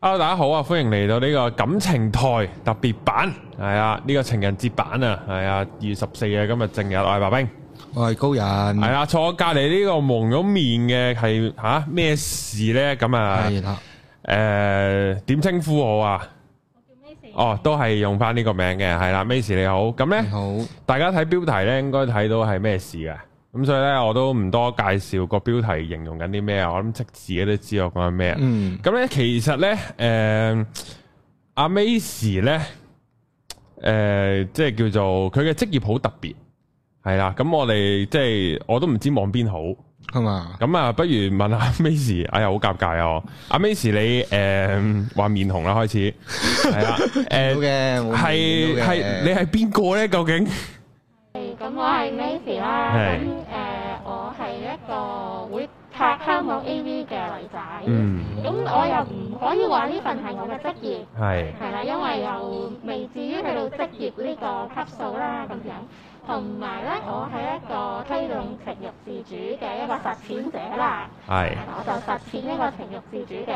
Hello，大家好啊，歡迎嚟到呢個感情台特別版，係啊呢個情人節版啊，係啊二月十四啊，今日正日我係白兵，我係高人，係啦，坐我隔籬呢個蒙咗面嘅係吓，咩事咧？咁啊誒，點稱呼我啊？我叫 Macy。哦，都係用翻呢個名嘅，係啦。Macy 你好，咁咧，好，大家睇標題咧，應該睇到係咩事噶？咁所以咧，我都唔多介紹個標題，形容緊啲咩啊？我諗即自己都知我講緊咩啊！咁咧，其實咧，誒，阿 Macy 咧，誒，即係叫做佢嘅職業好特別，係啦。咁我哋即係我都唔知望邊好，係嘛嗎？咁啊，不如問下 Macy，哎呀，好尷尬啊。阿 Macy，你誒話、呃、面紅啦，開始係啊？誒，係係你係邊個咧？究竟是？是咁、嗯、我係 Macy 啦，咁誒、嗯、我係一個會拍香港 AV 嘅女仔，咁、嗯、我又唔可以話呢份係我嘅職業，係啦是，因為又未至於去到職業呢個級數啦咁樣。同埋咧，我係一個推動情慾自主嘅一個實踐者啦，是我就實踐呢個情慾自主嘅，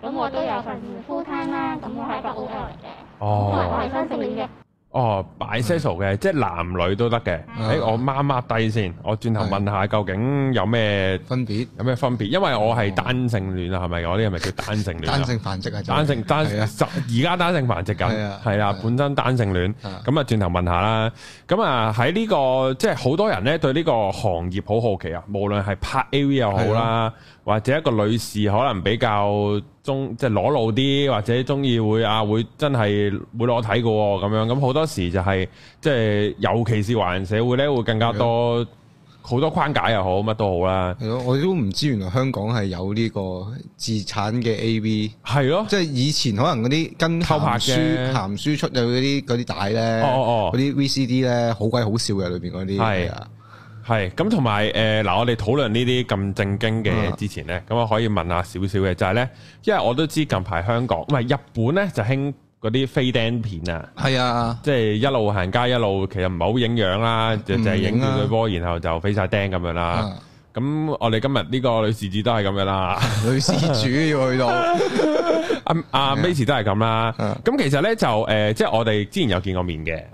咁我都有份 full time 啦，咁我係一個 OL 嚟嘅，哦、因為我係雙性嘅。哦，擺 Bisexual 嘅，即係男女都得嘅。誒，我抹一抹低先，我轉頭問下究竟有咩分別，有咩分別？因為我係單性戀啊，係咪？我呢啲係咪叫單性戀？單性繁殖係單性單而家單性繁殖㗎，係啊，本身單性戀咁啊，轉頭問下啦。咁啊，喺呢個即係好多人咧對呢個行業好好奇啊，無論係拍 AV 又好啦。或者一個女士可能比較中即係裸露啲，或者中意會啊會真係會裸體嘅咁、哦、樣，咁好多時就係、是、即係尤其是華人社會咧，會更加多好的多框架又好乜都好啦。係咯，我都唔知原來香港係有呢個自產嘅 A.V. 係咯，即係以前可能嗰啲跟鹹書偷拍嘅鹹書出嘅嗰啲啲帶咧，嗰啲 V.C.D. 咧好鬼好笑嘅，裏邊嗰啲係啊。係咁，同埋誒嗱，我哋討論呢啲咁正經嘅之前咧，咁我可以問下少少嘅，就係咧，因為我都知近排香港唔係日本咧，就興嗰啲飛釘片啊，係啊，即係一路行街一路其實唔係好影樣啦，就就係影完對波，然後就飛晒釘咁樣啦。咁我哋今日呢個女事主都係咁樣啦，女事主要去到阿阿 Macy 都係咁啦。咁其實咧就誒，即係我哋之前有見過面嘅。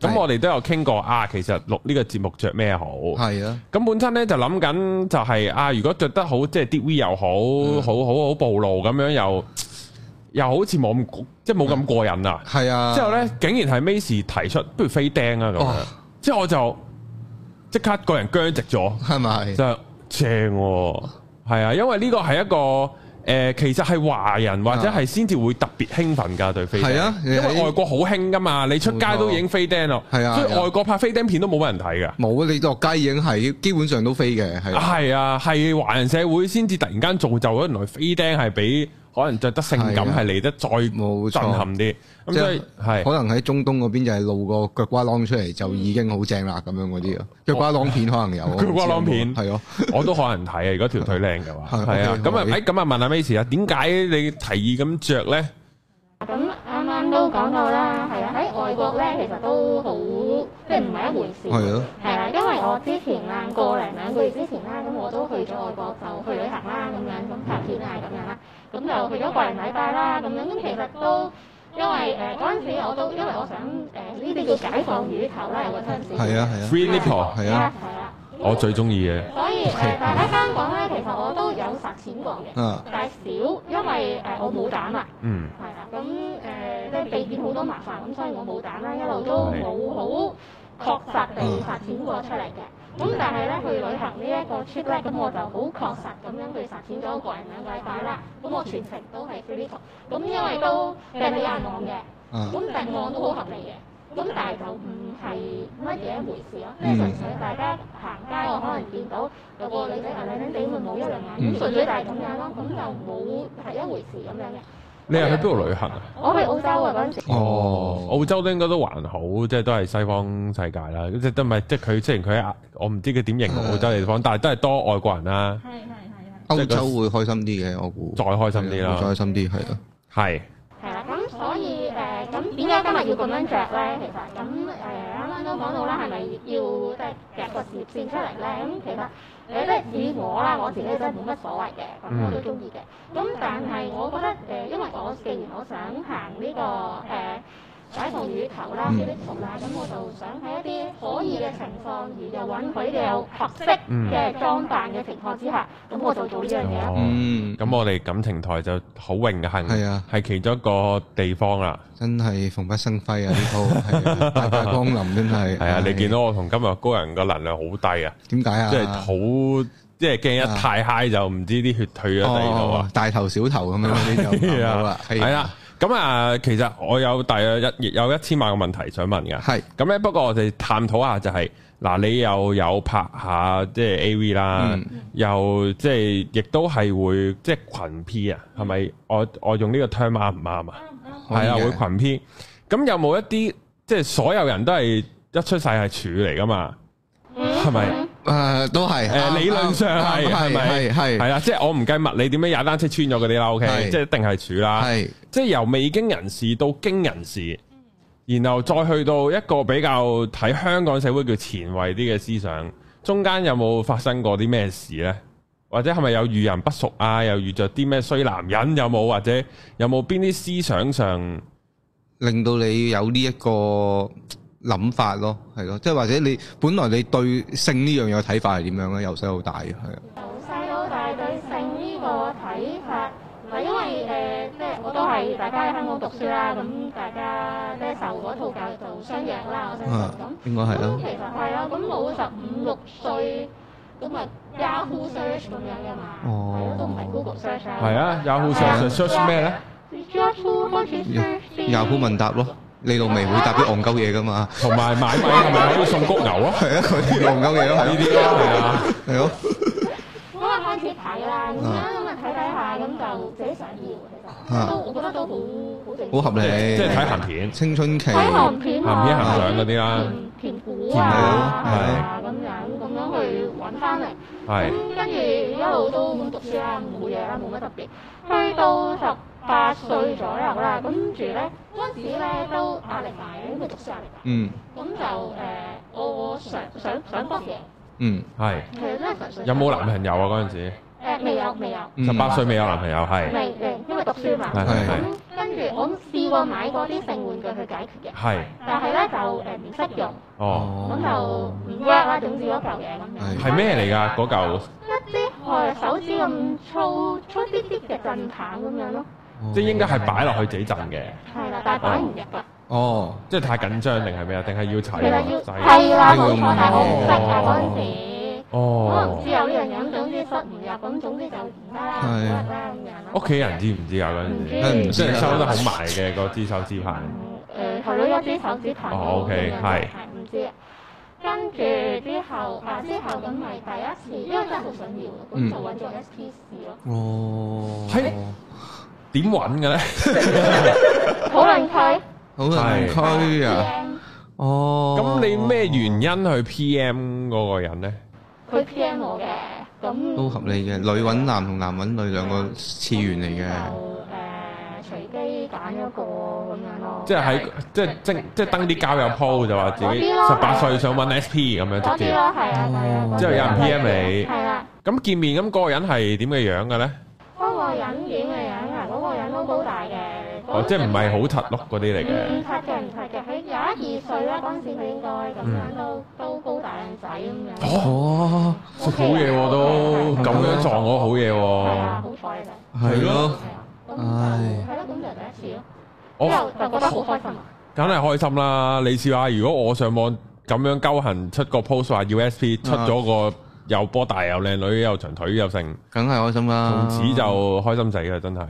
咁我哋都有傾過啊，其實錄呢個節目着咩好？係啊的，咁本身呢就諗緊就係、是、啊，如果着得好，即係 DV 又好的好好好暴露咁樣又又好似冇咁即係冇咁過癮啊！係啊的，之後呢，竟然係 Macy 提出不如飛釘啊咁，樣哇之後我就即刻個人僵直咗，係咪的？就正係啊，因為呢個係一個。誒，其實係華人或者係先至會特別興奮㗎，對飛釘，係啊，你因為外國好興㗎嘛，錯你出街都已經飛釘咯，係啊，所以外國拍飛釘片都冇乜人睇㗎，冇啊，啊你落街已經係基本上都飛嘅，係啊，係啊，係華人社會先至突然間造就咗，原來飛釘係畀。可能着得性感係嚟得再冇震撼啲，即係係可能喺中東嗰邊就係露個腳瓜啷出嚟就已經好正啦咁樣嗰啲，腳瓜啷片可能有腳瓜啷片係咯，我都可能睇啊。如果條腿靚嘅話，係啊。咁啊，誒咁啊，問下 Miss 啊，點解你提議咁着咧？咁啱啱都講到啦，係啊，喺外國咧其實都好即係唔係一回事，係啊，因為我之前啊，過嚟兩個月之前啦，咁我都去咗外國，就去旅行啦，咁樣咁拍片啊，咁樣啦。咁就去咗個人禮拜啦，咁樣咁其實都因為誒，嗰陣時我都因為我想誒，呢啲叫解放乳頭啦，有個親子係啊，係啊，free nipple 係啊，係啊，我最中意嘅。所以誒，呃、 大家香港咧，其實我都有實錢過嘅， 但係少，因為誒、呃、我冇膽、嗯、啊，係啦，咁、呃、誒即係避免好多麻煩，咁所以我冇膽啦，一路都冇好確實地實踐過出嚟嘅。嗯咁、嗯、但係咧去旅行 ip，呢一個 trip 咧，咁我就好確實咁樣去實踐咗個人嘅計劃啦。咁我全程都係 free trip，咁因為都係比按案嘅，咁按案都好合理嘅。咁但係就唔係乜嘢一回事咯，即係、嗯、純粹大家行街，我可能見到有個女仔啊，你點點會冇一兩眼，咁、嗯、純粹就係咁樣咯，咁就冇係一回事咁樣嘅。你係去邊度旅行啊？我去澳洲啊嗰陣時。哦，澳洲應該都還好，即係都係西方世界啦。即係都唔係，即係佢雖然佢啊，我唔知佢點形容澳洲地方，的但係都係多外國人啦、啊。係係係。他歐洲會開心啲嘅，我估。再開心啲啦。再開心啲係咯，係。係啊是，咁所以誒，咁點解今日要咁樣着咧？其實咁誒，啱啱、呃、都講到啦，係咪要即係、就是、夾個事業線出嚟咧？咁其實。誒，即係以我啦，我自己真係冇乜所謂嘅，我都鍾意嘅。咁但係我覺得誒，因為我既然我想行呢、呢個誒，呃擺圖魚頭啦，呢啲圖啦，咁我就想喺一啲可以嘅情況，而又允許嘅有合適嘅裝扮嘅情況之下，咁我就做呢樣嘢。嗯，咁、嗯嗯、我哋感情台就好榮幸，係啊，係其中一個地方啦。真係鳳不生輝啊！呢套 大駕光臨真係。係啊，你見到我同今日高人個能量好低啊？點解啊？即係好，即係驚一太嗨，就唔知啲血退咗第二度啊，大頭小頭咁樣呢就唔係啊。咁啊，其實我有大約一亦有一千萬個問題想問嘅。係咁咧，不過我哋探討下就係，嗱，你又有拍下即係 AV 啦，嗯，又即係亦都係會即係群 P 是是啊，係咪？我我用呢個 term 啱唔啱啊？係啊，會群 P。咁有冇一啲即係所有人都係一出世係處嚟噶嘛？係咪？誒、啊，都係誒，啊、理論上係係咪係係啦？即係我唔計物理，點樣踩單車穿咗嗰啲啦？O K，即係一定係處啦。係即係由未經人事到經人事，然後再去到一個比較睇，香港社會叫前衛啲嘅思想，中間有冇發生過啲咩事咧？或者係咪有遇人不淑啊？又遇着啲咩衰男人有有？有冇或者有冇邊啲思想上令到你有呢、這、一個？諗法咯，係咯，即係或者你本來你對性呢樣嘢嘅睇法係點樣咧？由細到大嘅係由細到大對性呢個睇法，係因為誒，即係我都係大家喺香港讀書啦，咁大家接受嗰套教育相約啦，咁應該係咯。咁其實係咯，咁老十五六歲，咁咪 Yahoo Search 咁樣噶嘛，都唔係 Google Search 嘅。係啊，Yahoo Search Search 咩咧？Yahoo 問答咯。你未會搭啲戇鳩嘢㗎嘛？同埋買米係咪啊？送谷牛啊？係啊，佢戇鳩嘢咯，係呢啲咯，係啊，係咯。我開始睇啦，咁啊睇睇下，咁就自己想要其實，都我覺得都好好正。好合理，即係睇鹹片、青春期、鹹片鹹相嗰啲啦，片股啊、片啊咁樣，咁樣去揾翻嚟。係。咁跟住一路都冇讀書啦，冇嘢啦，冇乜特別。去到十。八歲左右啦，咁住咧嗰陣時咧都壓力大，因為讀書啊，咁就誒我我想想想幫嘢。嗯，係。係因為純粹。有冇男朋友啊？嗰陣時。誒，未有，未有。十八歲未有男朋友係。未未，因為讀書嘛。係係。咁跟住我試過買過啲性玩具去解決嘅。係。但係咧就誒唔適用。哦。咁就唔 work 啦，總之嗰嚿嘢。係。係咩嚟㗎？嗰嚿。一啲誒手指咁粗粗啲啲嘅震棒咁樣咯。即應該係擺落去自己浸嘅，係啦，但擺唔入。哦，即係太緊張定係咩啊？定係要齊？其實要齊。係啦，個菜係好失業嗰陣時。哦，唔知有呢樣嘢，總之塞唔入，咁總之就而家屋企人知唔知啊？嗰陣時唔知。即係收得好埋嘅個支手指牌。誒，攞咗一支手指牌。哦，OK，係。唔知。跟住之後啊，之後咁咪第一次，因為真係好想要，咁就揾咗 S P C 咯。哦。係。點搵嘅咧？討論區，討論區啊！哦，咁你咩原因去 P M 嗰個人咧？佢 P M 我嘅，咁都合理嘅。女搵男同男搵女兩個次元嚟嘅。就誒，隨機揀一個咁樣咯。即係喺即係即即登啲交友鋪就話自己十八歲想搵 S P 咁樣直接。嗰啲咯，係啊，即係搵。之後有人 P M 你，係啦。咁見面咁嗰個人係點嘅樣嘅咧？嗰個人。哦，即係唔係好凸碌嗰啲嚟嘅？唔凸嘅，唔凸嘅，佢廿一二歲啦，嗰陣時佢應該咁樣都都高大靚仔咁樣。哦，食好嘢喎都咁樣撞我都好嘢喎。係啊，好彩啫。係咯。係。係咯，咁就第一次咯。我就覺得好開心。梗係開心啦！你試下，如果我上網咁樣勾痕出個 post 話 USB 出咗個又波大又靚女又長腿又盛，梗係開心啦！從此就開心死啦，真係。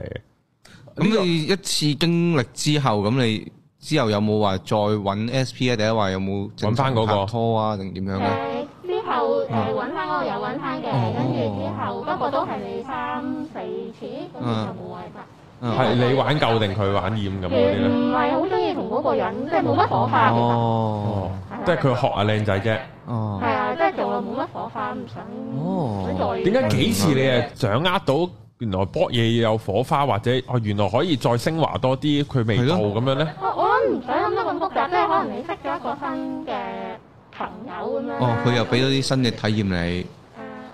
咁你、嗯、一次經歷之後，咁你之後有冇話再揾 S P 啊？定係話有冇揾翻嗰個拍拖啊？定點、那個、樣嘅？之後就揾翻嗰個又揾翻嘅，跟住之後不過都係三四次，咁就冇位拍。嗯嗯、係你玩夠定佢玩厭咁啲咧？唔係好中意同嗰個人，即係冇乜火花哦，即係佢學下靚仔啫。哦，係啊，即係做落冇乜火花，唔想哦，點解幾次你係掌握到？原來搏嘢要有火花，或者哦，原來可以再升華多啲，佢未到咁的樣咧。我諗唔使諗得咁複雜，即係可能你識咗一個新嘅朋友咁樣。哦，佢又俾咗啲新嘅體驗你。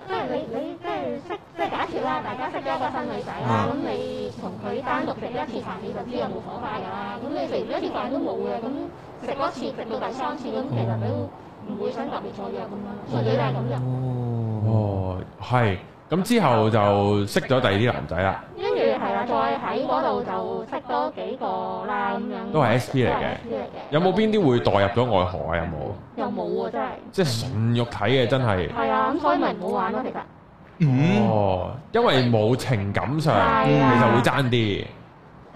即係你你即係識，即係假設啦，大家識咗一個新女仔啦，咁你同佢單獨食一次飯，你就知有冇火花㗎啦。咁你食咗一次飯都冇嘅，咁食嗰次食到第三次咁其實都唔會想特別再約咁樣，純粹係咁樣。哦，係。咁之後就識咗第二啲男仔啦，跟住係啦，再喺嗰度就識多幾個啦咁樣，都係 SP 嚟嘅。有冇邊啲會代入咗外河啊？有冇？又冇喎，真係。即係純肉體嘅，真係。係啊，咁所以咪唔好玩咯，其實。哦，因為冇情感上，其實會爭啲。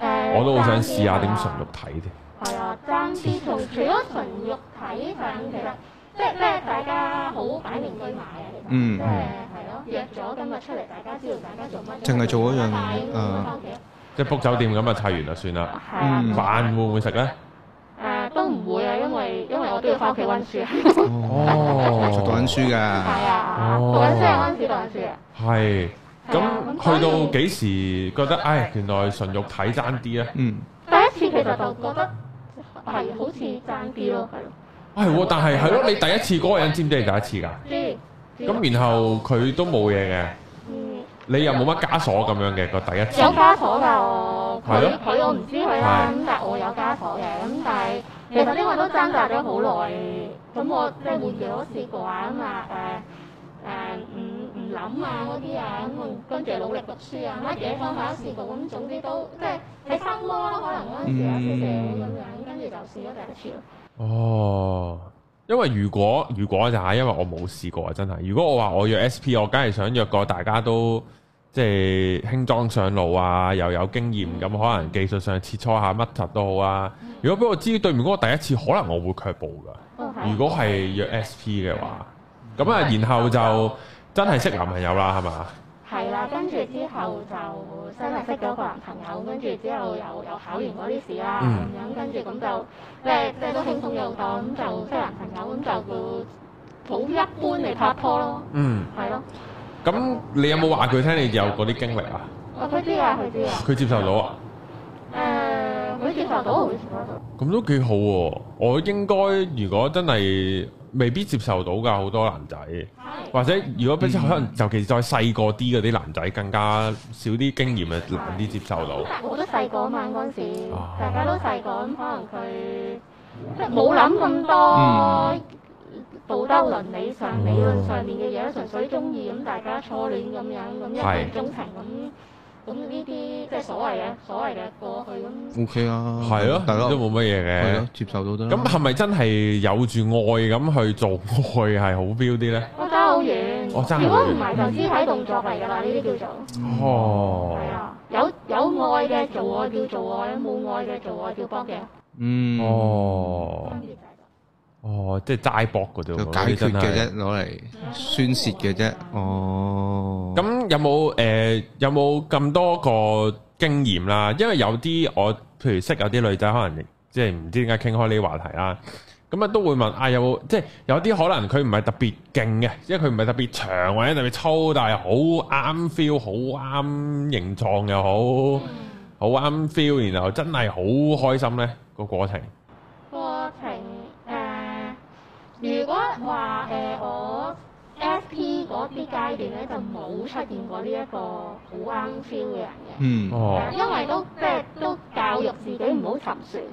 誒，我都好想試下點純肉體啫。係啊，爭啲同除咗純肉體上面，其實即係咩？大家好擺明居埋嘅，其實，即係。約咗今日出嚟，大家知道大家做乜？淨係做嗰樣嘢，嗯，即 book 酒店咁啊，砌完就算啦。係，飯會唔會食咧？誒，都唔會啊，因為因為我都要翻屋企溫書。哦，讀緊書噶。係啊，讀緊書，開始讀緊書。係。係咁去到幾時覺得唉？原來純肉體爭啲啊！嗯。第一次其實就覺得係好似爭啲咯，係。係喎，但係係咯，你第一次嗰個人知唔知係第一次噶？知。咁、嗯、然後佢都冇嘢嘅，嗯、你又冇乜枷鎖咁樣嘅個、嗯、第一次。有枷鎖㗎我，係咯，佢我唔知佢啦，咁但係我有枷鎖嘅，咁但係其實呢個都掙扎咗好耐，咁我即係換咗試過啊嘛，誒誒唔唔諗啊嗰啲啊，咁跟住努力讀書啊，乜嘢方法都試過，咁總之都即係喺分科咯，可能嗰陣時啊社會咁樣，跟住、嗯、就試咗第一次咯。哦。因為如果如果就吓、係，因為我冇試過啊，真係。如果我話我約 S P，我梗係想約個大家都即係輕裝上路啊，又有經驗咁，嗯、可能技術上切磋下乜柒都好啊。如果俾我知對面嗰個第一次，可能我會卻步噶。嗯、如果係約 S P 嘅話，咁啊，然後就、嗯、真係識男朋友啦，係嘛？係啦，跟住之後就新嚟識咗個男朋友，跟住之後又又考完嗰啲試啦，咁跟住咁就，誒，即係都輕鬆又咁就識男朋友咁就好一般嚟拍拖咯。嗯，係咯了。咁你有冇話佢聽你有嗰啲經歷啊？佢知啊，佢知啊。佢 接受到啊？誒、呃，佢接受到，佢接受到。咁都幾好喎、啊！我應該如果真係。未必接受到㗎，好多男仔，是或者如果俾，可能、嗯、尤其是再細個啲嗰啲男仔更加少啲經驗啊，就難啲接受到。我都細個啊嘛，嗰陣時唉大家都細個，咁可能佢即係冇諗咁多，道德倫理上理論、嗯、上面嘅嘢，純粹中意咁，大家初戀咁樣，咁一見鍾情咁。咁呢啲即係所謂嘅，所謂嘅過去咁。O K 啊，係咯，大家都冇乜嘢嘅，係咯，接受到都。咁係咪真係有住愛咁去做愛係好標啲咧？我爭好遠。我爭。如果唔係就肢體動作嚟噶嘛，呢啲叫做。哦。係啊，有有愛嘅做愛叫做愛，冇愛嘅做愛叫搏嘅。嗯。哦。哦，即係齋搏嘅啫，我覺得。解決嘅啫，攞嚟宣泄嘅啫。哦。咁。有冇誒、呃，有冇咁多個經驗啦？因為有啲我譬如識有啲女仔，可能即係唔知點解傾開呢啲話題啦。咁啊都會問啊，有冇，即係有啲可能佢唔係特別勁嘅，即係佢唔係特別長或者特別粗，但係好啱 feel，好啱形狀又好，好啱 feel，然後真係好開心呢個過程。嗰啲階段咧就冇出現過呢一個好啱 feel 嘅人嘅，嗯哦，因為都即係都教育自己唔好沉船，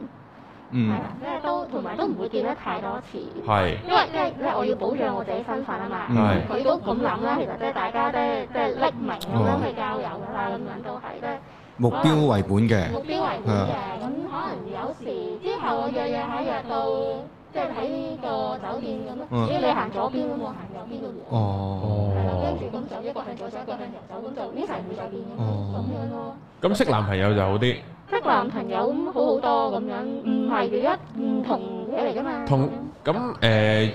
嗯，係啦，即係都同埋都唔會見得太多次，係，因為即係咧我要保障我自己身份啊嘛，係，佢都咁諗啦，其實即係大家即係即係匿名咁樣去交友㗎喇，咁樣都係即係目標為本嘅，目標為本嘅，咁可能有時之後嘅嘢又係又都。即係喺個酒店咁咯，只要你行左邊咁喎，行右邊都得，係啦、嗯。跟住咁就一個係左走，一個係右走 ban、oh，咁就呢層唔酒店咁，咁樣咯。咁識男朋友就好啲。AS LS 識男朋友咁好好多咁樣，唔係而家唔同嘢嚟㗎嘛。同咁誒。啊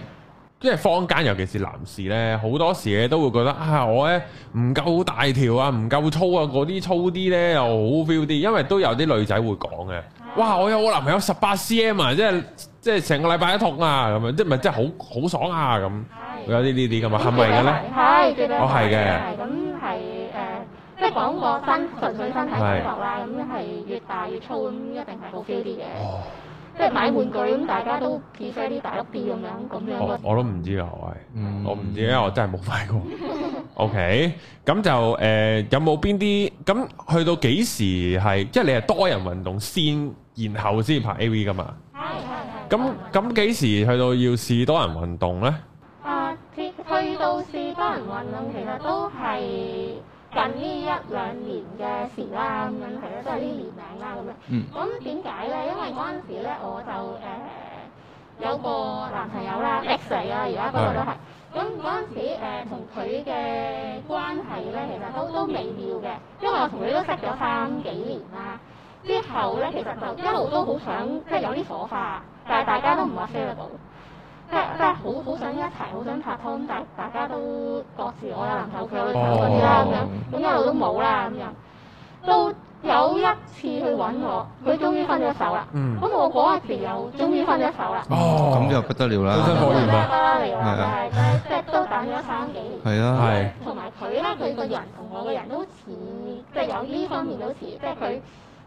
即係坊間，尤其是男士咧，好多時咧都會覺得啊，我咧唔夠大條啊，唔夠粗啊，嗰啲粗啲咧又好 feel 啲。因為都有啲女仔會講嘅，的哇！我有我男朋友十八 CM 啊，即係即係成個禮拜一痛啊，咁樣即係咪真係好好爽啊咁？會有啲呢啲咁啊，係咪嘅咧？我係嘅，咁係誒，即係講個身純粹身體感覺啦，咁係越大越粗，咁一定係好 feel 啲嘅。哦。即係買玩具咁，大家都舉晒啲大碌啲咁樣，咁樣我都唔知啊，我，我唔知、嗯、我唔知因為，我真係冇買過。O K，咁就誒、呃，有冇邊啲？咁去到幾時係？即係你係多人運動先，然後先拍 A V 噶嘛？係係係。咁咁幾時去到要試多人運動咧？啊，去到試多人運動，其實都係。近呢一兩年嘅時啦、啊，咁樣係啦，即係呢年齡啦咁樣。咁點解咧？因為嗰陣時咧，我就誒、呃、有個男朋友啦，ex 嚟啦，而家嗰個都係咁嗰陣時同佢嘅關係咧，其實都都微妙嘅，因為我同佢都識咗三幾年啦、啊。之後咧，其實就一路都好想即係有啲火花，但係大家都唔話 feel 得到。即係好好想一齊，好想拍拖，咁但係大家都各自我有男朋友，佢有女朋友啦，咁咁一路都冇啦，咁又都有一次去揾我，佢終於分咗手啦。嗯、mm.。咁我嗰陣時又終於分咗手啦。哦，咁就不得了啦。重啦、哦。會不即係都等咗三幾年。係啊。係、啊。同埋佢咧，佢個人同我個人都似，即係有呢方面都似，即係佢。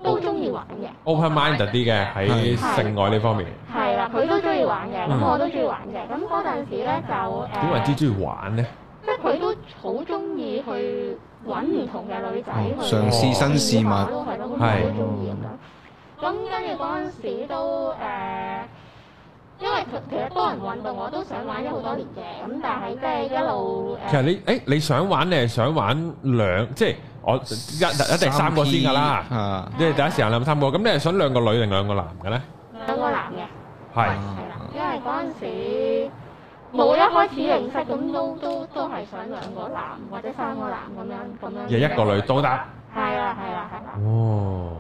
都中意玩嘅，open-minded 啲嘅，喺性愛呢方面。係啦，佢都中意玩嘅，咁我都中意玩嘅。咁嗰陣時咧就誒，點為之中意玩咧？即係佢都好中意去搵唔同嘅女仔去嘗試新事物。係咯，係咯，佢都中意咁樣。咁跟住嗰陣時都誒，因為其實多人運動，我都想玩咗好多年嘅。咁但係即係一路，其實你誒，你想玩你係想玩兩即係。我一一定三個先噶啦，即係、啊、第一時間諗三個，咁你係想兩個女定兩個男嘅咧？兩個男嘅，係係，因為嗰陣時冇一開始認識，咁都都都係想兩個男或者三個男咁樣咁樣。亦一個女，一個女都得。係啦，係啦，係啦。哦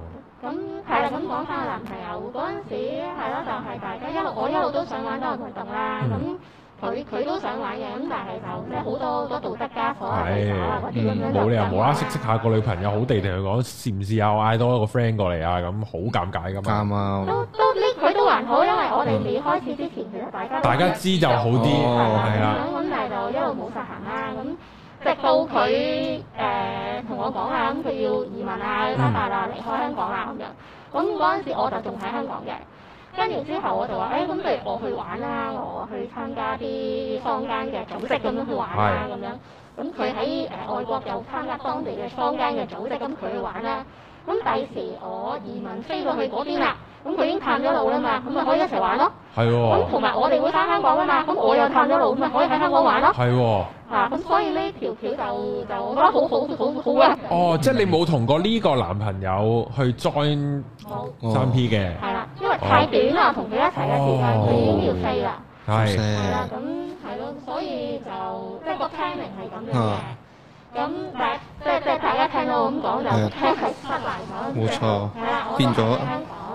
哇。咁係啦，咁講翻個男朋友嗰陣時，係咯，就係、係、大家一路、嗯、我一路都想玩多個活動啦，咁。佢佢都想玩嘅，咁但係就即係好多多道德枷鎖啊嗰啲咁樣，冇理由冇啦，識識下個女朋友好地地，同佢講，試唔試又嗌多一個 friend 過嚟啊？咁好尷尬㗎嘛。啱啊，都都啲佢都還好，因為我哋未開始之前，其實大家大家知就好啲，係啦。咁但係就一路冇實行啦。咁直到佢誒同我講啊，咁佢要移民啊，翻大陸離開香港啊，咁樣。咁嗰陣時我就仲喺香港嘅。跟住之後，我就話，誒、哎，咁不如我去玩啦，我去參加啲坊間嘅組織咁樣去玩啦，咁是樣。咁佢喺外國就參加當地嘅坊間嘅組織，咁、嗯、佢去玩啦。咁第時我移民飛過去嗰邊啦，咁、嗯、佢已經探咗路啦嘛，咁、嗯、咪可以一齊玩咯。係、哦。咁同埋我哋會翻香港啊嘛，咁、嗯、我又探咗路啊咪、嗯、可以喺香港玩咯。係、哦。咁所以呢條橋就就我覺得好好好好啊！哦，即係你冇同過呢個男朋友去 join 三 P 嘅？係啦，因為太短啦，同佢一齊嘅時間佢已經要飛啦。係。係啦，咁係咯，所以就即係個 timing 係咁樣嘅。咁即係即係大家聽到咁講就聽係出嚟冇錯。係啦，我聽講。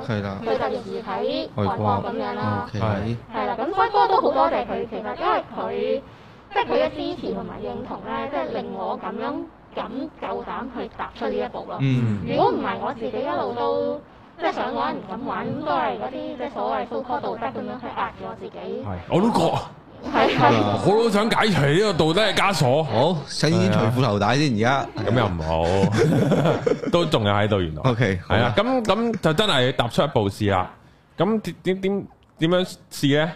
係啦。佢特別喺外國咁樣啦。係。係啦，咁輝哥都好多謝佢，其實因為佢。即係佢嘅支持同埋認同咧，即係令我咁樣敢夠膽去踏出呢一步咯。嗯、如果唔係我自己一路都即係想玩唔敢玩，咁都係嗰啲即係所謂 f u 道德咁樣去壓住我自己。係，我都覺係係，吧吧我都想解除呢個道德嘅枷鎖。好，想先除褲頭帶先，而家咁又唔好， 都仲有喺度原來。OK，係啊，咁咁、啊、就真係踏出一步試啊。咁點點點點樣試咧？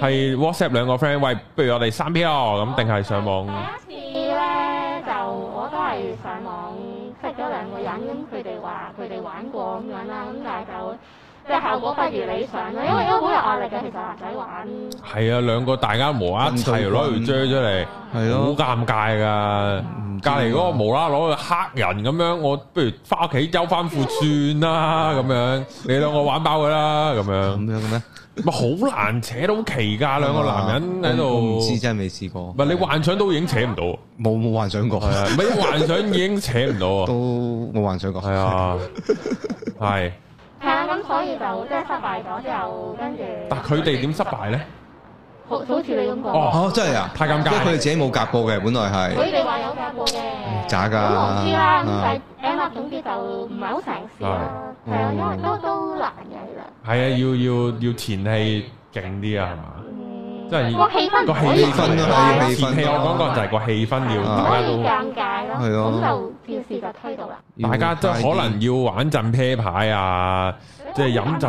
係 WhatsApp 兩個 friend 喂，不如我哋三 P 咯？咁定係上網？第一次咧就我都係上網識咗兩個人，咁佢哋話佢哋玩過咁樣啦，咁但係就即係效果不如理想啦，嗯、因為因為好有壓力嘅，其實男仔玩。係啊，兩個大家無啦一齊攞嚟追出嚟，係咯、嗯，好尷尬噶。隔離嗰個無啦攞黑人咁樣，我不如翻屋企周翻副算啦咁、嗯嗯、樣。 你兩個玩爆佢啦咁樣。咁樣嘅咩？咪好難扯到奇噶，兩個男人喺度。我唔知真係未試過。咪不的你幻想都已經扯唔到，冇冇幻想過？咪的 幻想已經扯唔到啊，都冇幻想過。係啊的，係 的。係啊，咁所以就即係失敗咗，之後跟住。但佢哋點失敗咧？好似你咁講哦，真係啊，太尷尬！佢哋自己冇夾過嘅，本來係。所以你話有夾過嘅，假㗎。咁知啦，但係啱啱總之就唔係好成事啦，係啊，因為都都難嘅啦。係啊，要要要前戲勁啲啊，係嘛？嗯。個氣氛個氣氛啊，氣氛我講過就係個氣氛要。係咯。可以尷尬咯。係咯。咁就件事就推到啦。大家都可能要玩陣啤牌啊，即係飲陣。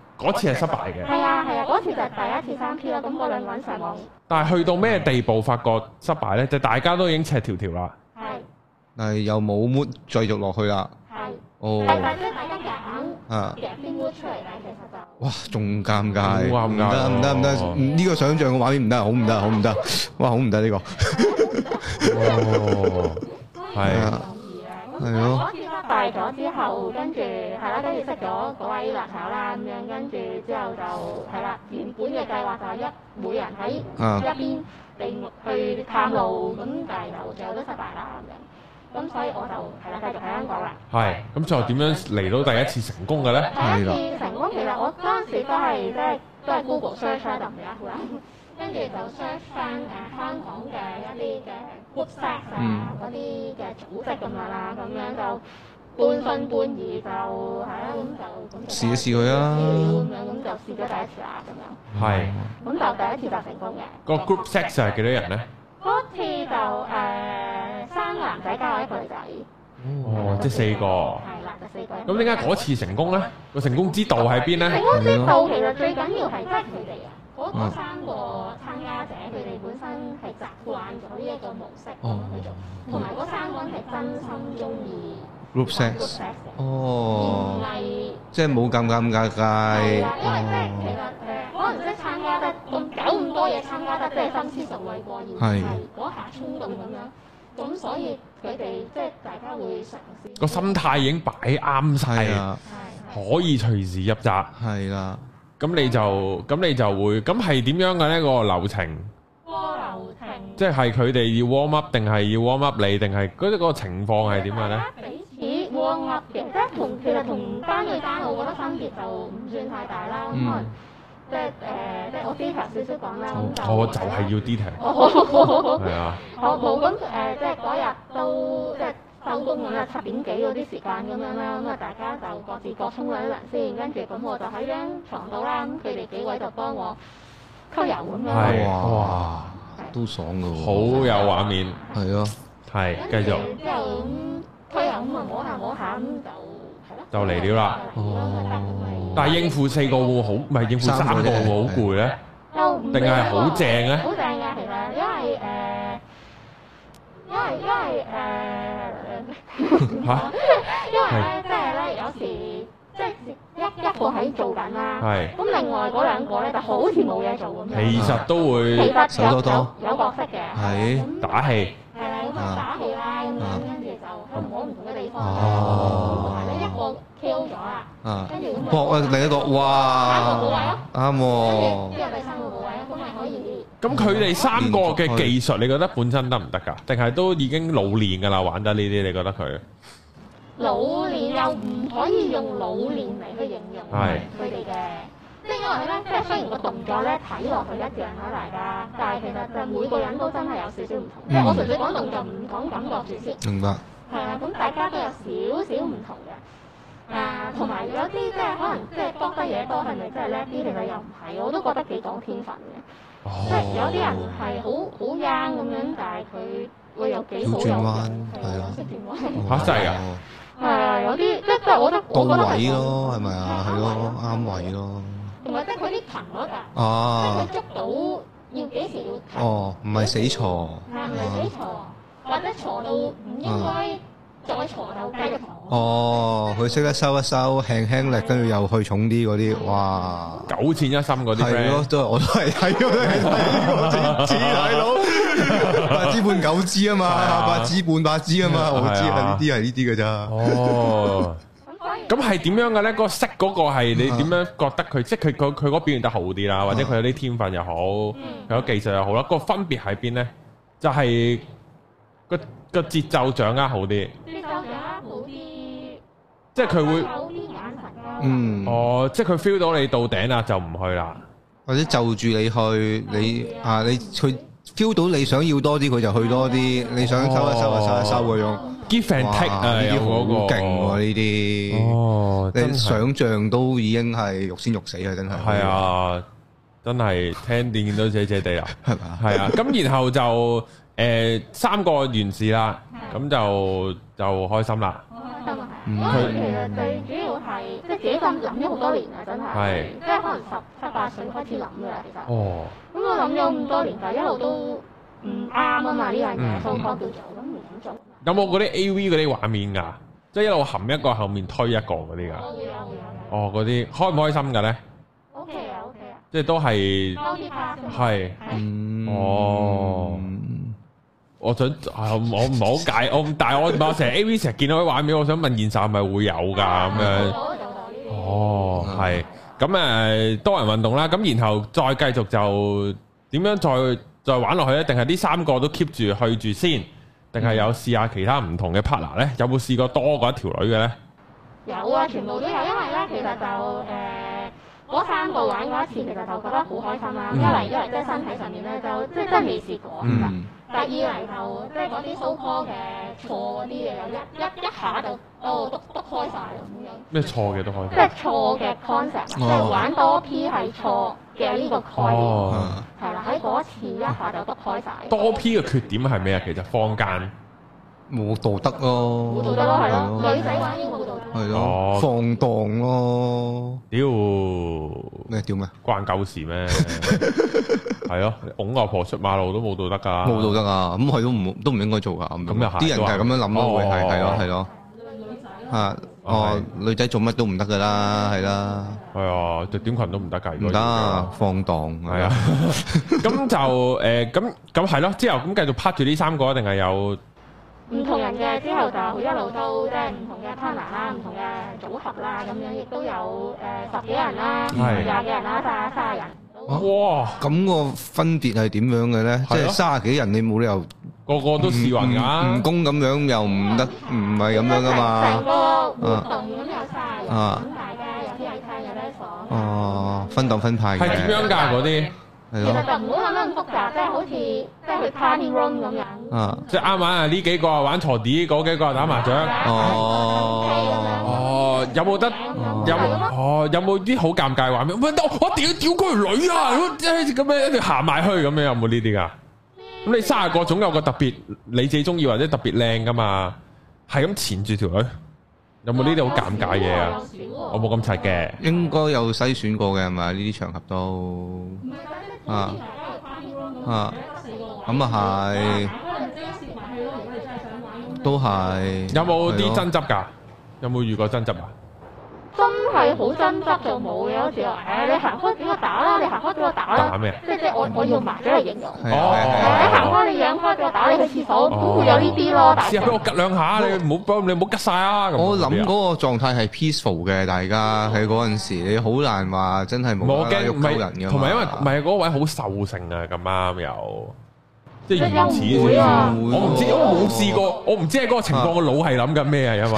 嗰次係失敗嘅。係啊係啊，嗰次就係第一次三 P 啦。咁嗰兩個人上網。但係去到咩地步，發覺失敗咧，就大家都已經赤條條啦。係。但係又冇 move 繼續落去啦。係。哦。但係大家大家其實肯。啊。出嚟，但係其實就。哇！仲尷尬。哇！唔得唔得唔得，呢個想像嘅畫面唔得好唔得好唔得，哇好唔得呢個。係。係咯。大咗之後，跟住係啦，跟住識咗嗰位辣炒啦，咁樣跟住之後就係啦，原本嘅計劃就係一每人喺一邊，並去探路，咁但係又最後都失敗啦咁樣。咁所以我就係啦，繼續喺香港啦。係。咁最後點樣嚟到第一次成功嘅咧？第一次成功其實我嗰陣時都係即係都係 Google search 咁嘅啦，跟住就 search 翻嘅香港嘅一啲嘅 group sex 啊嗰啲嘅組織咁啊啦，咁樣就。半信半疑就係啦，咁就試一試佢啦。咁樣咁就試咗第一次啊，咁樣。係。咁就第一次就成功嘅。個 group sex 係幾多人咧？嗰次就誒三男仔加我一個女仔。哦，即係四個。係啦，四個。咁點解嗰次成功咧？個成功之道喺邊咧？成功之道其實最緊要係即係佢哋啊！嗰三個參加者佢哋本身係習慣咗呢一個模式去做，同埋嗰三個人係真心鍾意。Group sex 哦，即係冇咁尷尬，即係其實誒，可能真係參加得咁久咁多嘢，參加得即係深思熟慮，然後係嗰下衝動咁樣，咁所以佢哋即係大家會嘗試個心態已經擺啱晒，係可以隨時入閘係啦。咁你就咁你就會咁係點樣嘅咧？個流程個流程即係係佢哋要 warm up 定係要 warm up 你定係嗰啲嗰個情況係點嘅咧？幫嘅，即係同其實同單對單，我覺得分別就唔算太大啦。可能即係誒，即係我 detail 少少講啦。我就係要 detail。係、哦、啊。嗯嗯嗯嗯嗯嗯、我冇咁誒，即係嗰日都即係收工咁啦，七點幾嗰啲時間咁樣啦，咁啊大家就各自各沖涼先，跟住咁我就喺張床度啦，咁佢哋幾位就幫我吸油咁樣。係、嗯嗯嗯啊、哇，都爽㗎。好有畫面，係咯、啊，係繼、啊、續。佢又五啊，摸下摸下咁就係咯，就嚟了啦。哦，但係應付四個會好，唔係應付三個會好攰咧？定係係好正咧？好正嘅，其實因為誒，因為因為誒嚇，因為咧，即係咧，有時即係一一個喺做緊啦。係。咁另外嗰兩個咧就好似冇嘢做咁樣。其實都會手多多有角色嘅，係打戲。係啦，咁啊打。哦，一個 KO 咗啊，跟住博啊，另一個哇，三個冇位咯，啱喎，即係第三個冇位咯，咁咪可以。咁佢哋三個嘅技術，你覺得本身得唔得噶？定係都已經老練噶啦，玩得呢啲，你覺得佢？老練又唔可以用老練嚟去形容佢哋嘅，即係因為咧，即係雖然個動作咧睇落去一樣啊，大家，但係其實就每個人都真係有少少唔同。因為我純粹講動作，唔講感覺先先。明白。係啊，咁大家都有少少唔同嘅，啊，同埋有啲即係可能即係多得嘢多，係咪真係叻啲？其實又唔係，我都覺得幾講天分嘅，即係有啲人係好好 young 咁樣，但係佢會有幾好有轉彎，係啊，係真係啊！係啊，有啲即係我覺得個位咯，係咪啊？係咯，啱位咯。同埋即係嗰啲藤嗰度，即係捉到要幾時要哦，唔係死坐，係咪死坐？或者坐到唔應該再坐就繼續坐。哦，佢識得收一收，輕輕力，跟住又去重啲嗰啲，哇！九淺一深嗰啲咯，都我都係睇嗰啲，睇到 八支半九支啊嘛，的八支半八支啊嘛，的我知啊，呢啲係呢啲嘅咋。哦，咁係點樣嘅咧？嗰個識嗰個係你點樣覺得佢？啊、即係佢佢佢表現得好啲啦，或者佢有啲天分又好，有技術又好咯。好嗰個分別喺邊咧？就係、是。個個節奏掌握好啲，好啲，即係佢會，嗯，哦，即係佢 feel 到你到頂啦，就唔去啦，或者就住你去，你啊，你佢 feel 到你想要多啲，佢就去多啲，你想收一收啊收一收嗰種 give and take 啊，呢啲好勁喎，呢啲，哦，真係，你想象都已經係欲仙欲死啊，真係，係吧啊，真係聽見都謝謝哋啊，啊，係啊，咁然後就。 誒三個完事啦，咁就就開心啦。當時其實最主要係即係自己諗諗咗好多年啊，真係。即係可能十七八歲開始諗噶啦，其實。咁我諗咗咁多年，但一路都唔啱啊嘛，呢樣嘢，所以我就諗唔想做。有冇嗰啲 AV 嗰啲畫面㗎？即係一路含一個，後面推一個嗰啲㗎。哦，嗰啲開唔開心㗎咧？O K 啊，O K 啊。即係都係。係。係。哦。我想，我唔好解， 但我但係 我成 A V 成日見到啲畫面，我想問現實係咪會有㗎咁、啊、樣。哦，係，咁誒多人運動啦，咁然後再繼續就點樣再再玩落去咧？定係呢三個都 keep 住去住先，定係有試下其他唔同嘅 partner 咧？有冇試過多過一條女嘅咧？有啊，全部都有，因為咧、啊、其實就誒。呃嗰三個玩嗰一次，其實就覺得好開心啦、啊嗯！一嚟，一嚟即係身體上面咧，就即係真係未試過㗎。嗯、第二嚟就即係嗰啲 so call 嘅錯啲嘢，一一一下就都篤篤開晒。咁樣。咩錯嘅都開？即係錯嘅 concept，即係玩多 P 係錯嘅呢個概念，係啦，喺嗰次一下就篤開晒。多 P 嘅缺點係咩啊？其實坊間。冇道德咯，冇道德咯，係咯，女仔玩要冇道德，係咯，放蕩咯，屌咩屌咩，關鳩事咩？係咯，拱阿婆出馬路都冇道德噶，冇道德噶，咁佢都唔都唔應該做噶，咁啲人就係咁樣諗咯，係咯係咯，啊哦，女仔做乜都唔得噶啦，係啦，係啊，短裙都唔得噶，唔得放蕩，係啊，咁就誒咁咁係咯，之後咁繼續拍住呢三個，一定係有？唔同人嘅，之後就佢一路都即係唔同嘅 partner 啦，唔同嘅組合啦，咁樣亦都有誒十幾人啦，二十幾人啦，卅人。哇！咁個分別係點樣嘅咧？即係卅幾人，你冇理由個個都試勻㗎，唔唔公咁樣又唔得，唔係咁樣㗎嘛。成個活動啊，棟咁又曬啊，咁大嘅，有啲曬，有啲火。哦，分黨分派。係點樣㗎？嗰啲？其實就唔好諗得咁複雜㗎，即係好似即係去 party room 咁樣，即係啱玩啊！呢幾個啊玩鋤地，嗰幾個啊打麻將。哦哦，哦，哦，有冇得有？哦有冇啲好尷尬玩咩？唔係我我屌屌條女啊！一開始咁樣一路行埋去咁樣，有冇呢啲㗎？咁你卅個總有個特別你自己中意或者特別靚㗎嘛？係咁纏住條女，有冇呢啲好尷尬嘢啊？有啊有啊我冇咁柒嘅，應該有篩選過嘅係咪？呢啲場合都。啊！啊！咁啊係，都係是。有冇啲爭執㗎？的有冇遇過爭執啊？真係好爭執就冇嘅，有時話，誒，你行開俾我打啦，你行開俾我打啦，打咩啊？即即我我要埋咗嚟形容。哦。你行開你影開俾我打你去廁所都會有呢啲咯。試下俾我吉兩下，你唔好幫你唔好吉曬啊！我諗嗰個狀態係 peaceful 嘅，大家喺嗰陣時你好難話真係冇。我驚人嘅，同埋因為唔係嗰位好獸性啊，咁啱又。即係有錢我唔知，我冇試過，我唔知喺嗰個情況個腦係諗緊咩啊！因為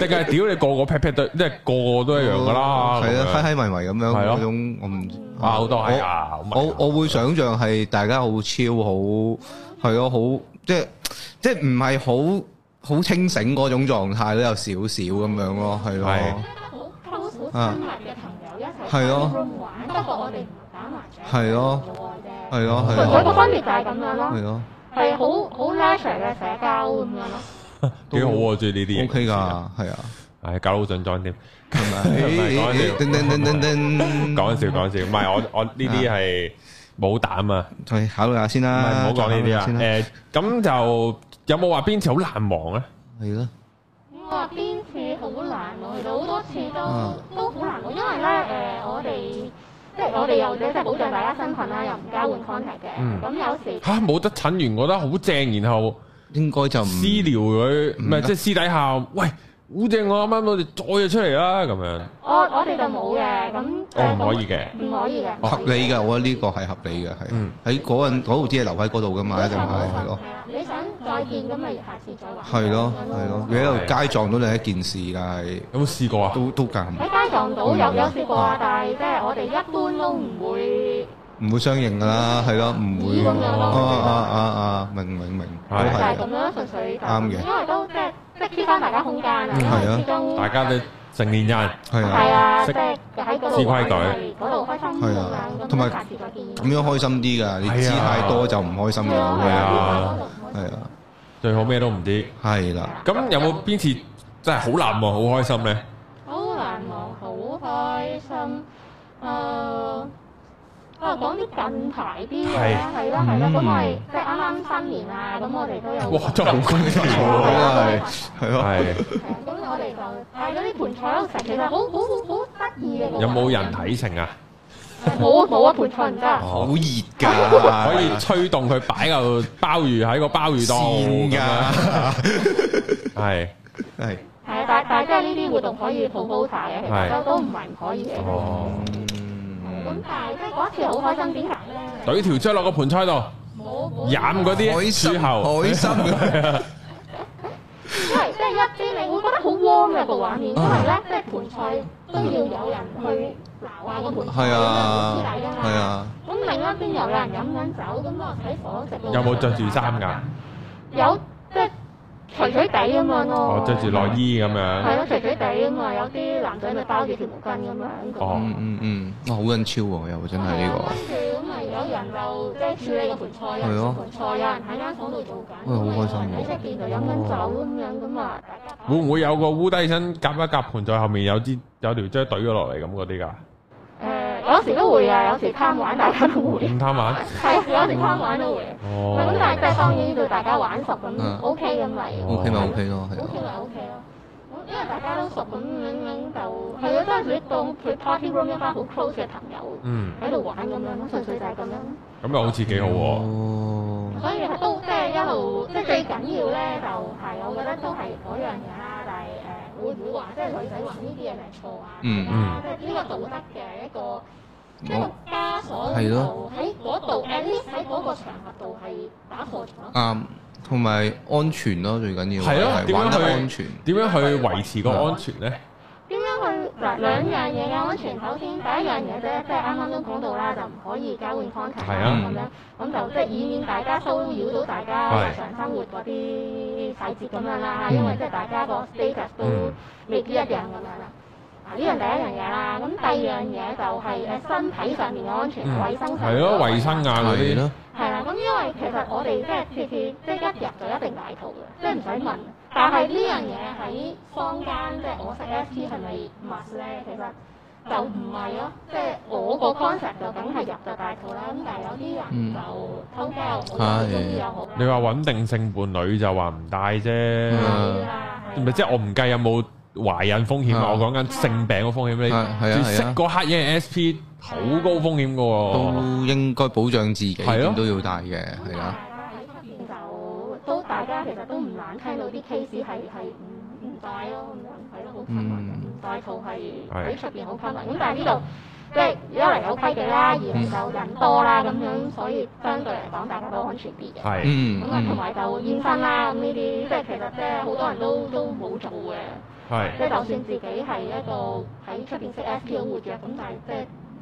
定係屌你個個劈劈對，即係個個都一樣噶啦，係啊，稀稀迷迷咁樣，係咯，嗰種我唔啊好多係啊！我我會想像係大家好超好，係咯，好即係即係唔係好好清醒嗰種狀態都有少少咁樣咯，係咯，係啊，好親密嘅，朋友一齊玩，不過我哋唔打麻雀，係咯。係咯，係咯，個分別就係咁樣咯，係好好 laser 嘅社交咁樣咯，幾好啊，中意呢啲，OK 噶，係啊，係搞好進裝添，叮叮叮叮叮，講笑講笑，唔係我我呢啲係冇膽啊，再考慮下先啦，唔好講呢啲啊，誒，咁就有冇話邊次好難忘啊？係咯，我話邊次好難忘，好多次都都好難忘，因為咧誒，我哋。即係我哋又即係保障大家身份啦，又唔交換 contact 嘅。咁、嗯、有時吓，冇得診完，覺得好正，然後應該就私聊佢，唔係是應即係私底下喂。好正！我啱啱我哋再嘅出嚟啦，咁樣。我我哋就冇嘅，咁。哦，唔可以嘅。唔可以嘅。合理嘅，我覺得呢個係合理嘅，係。嗯。喺嗰陣嗰度啲嘢留喺嗰度㗎嘛，一定係係咯。係啊，你想再見咁咪下次再話。係咯，係咯，你喺度街撞到另一件事係有冇試過啊？都都㗎。喺街撞到有有試過啊，但係即係我哋一般都唔會。唔會相認噶啦，係咯，唔會。咁樣咯。啊啊啊啊！明明明。係。就係咁樣，純粹。啱嘅。因為都即係即係 keep 翻大家空間啊。係啊。大家都成年人。係啊。係啊，即係喺嗰度。知規矩。嗰度開心啲。係啊。同埋。咁樣開心啲㗎，你知太多就唔開心嘅。係啊。係啊。最好咩都唔知。係啦。咁有冇邊次真係好難忘喎，好開心咧？好難忘喎，好開心。誒。啊，講啲近排啲咧，係啦係啦，咁咪即係啱啱新年啊，咁我哋都有哇，真係好乾淨，係咯係，咁我哋講係嗰啲盤菜喺度食，其實好好好好得意嘅。有冇人睇成啊？冇冇一盤菜唔得，好熱㗎，可以吹動佢擺入鮑魚喺個鮑魚檔。係係係，但大家呢啲活動可以 promo 嘅，其實都都唔係唔可以嘅。咁但係咧，嗰次好開心，點解咧？攞啲條鈎落個盤菜度，飲嗰啲海鼠喉、海參，即係即係一啲你會覺得好 warm 嘅個畫面，因為咧即係盤菜都要有人去撈啊個盤。 係啊，係啊，咁另一邊又有人飲緊酒，咁我睇火食。有冇着住衫㗎？有即係。嗯垂垂地啊嘛咯，哦、著住內衣咁樣。係咯對，垂垂對地啊嘛，有啲男仔咪包住條毛巾咁樣哦、嗯嗯嗯。哦，嗯嗯嗯，哇，好緊超喎，又真係呢、呢個。咁咪有人就即係、即係、處理嗰盤菜，又處理盤菜，有人喺間房度做緊，有人喺出、哎、邊度飲緊酒咁樣咁啊。會唔會有個烏低身夾一夾盤，在後面有支有條即係懟咗落嚟咁嗰啲㗎？有時都會啊，有時貪玩，大家都會。咁貪玩？係，有時貪玩都會。哦。咁但係即係當然對大家玩熟咁，O K 咁咪。O K 咪 O K 咯，係 O K 咪 O K 咯。咁因為大家都熟咁，咁樣就係啊，真係到佢 party room 一班好 close 嘅朋友，嗯，喺度玩咁樣，咁純粹就係咁樣。咁又好似幾好喎。哦。所以都即係一路，即係最緊要咧，就係我覺得都係嗰樣嘢啦。但係誒，會唔會話即係女仔話呢啲嘢係錯啊？嗯，即係呢個道德嘅一個。因為加鎖喺嗰度，誒喺嗰個場合度係打鎖。啱、啊，同埋安全咯、啊，最緊要。係咯，玩安全，點樣，樣去維持個安全咧？點樣去？嗱，兩樣嘢嘅安全。首先第一樣嘢咧，即係啱啱都講到啦，就唔、係、可以交換 contact 咁樣。咁就即係以免大家騷擾到大家日常生活嗰啲細節咁樣啦。因為即係大家個 status 就都未必一樣噶啦。呢樣第一樣嘢啦，咁第二樣嘢就係誒身體上面嘅安全、衞、嗯、生性。係咯，衞生啊嗰啲咯。係啦，咁因為其實我哋、就是、的即係脫脫，即係一入就一定帶套。嘅，即係唔使問。但係呢樣嘢喺坊間，即係我食 ST 係咪密咧？其實就唔係咯，即係我個 concept 就梗係入就帶套啦。咁但係有啲人就偷唔中意又、嗯、你話穩定性伴侶就話唔帶啫，唔、嗯、即係我唔計有冇。懷孕風險啊！我講緊性病嘅風險，你食嗰黑人 SP 好高風險嘅喎，都應該保障自己，都、啊、要帶嘅，係啦、啊。喺出邊就都大家其實都唔難聽到啲 case 係係唔唔戴咯咁樣，係咯，好頻密唔戴套係喺出邊好頻密。咁、嗯嗯、但係呢度即係一嚟有規矩啦，二嚟就人多啦咁樣，所以相對嚟講大家都安全啲嘅是、嗯。嗯。咁啊、嗯，同埋就驗身啦咁呢啲，即係其實咧好多人都都冇做嘅。係，即係就算自己係一個喺出邊識 S P 活著，咁但係即係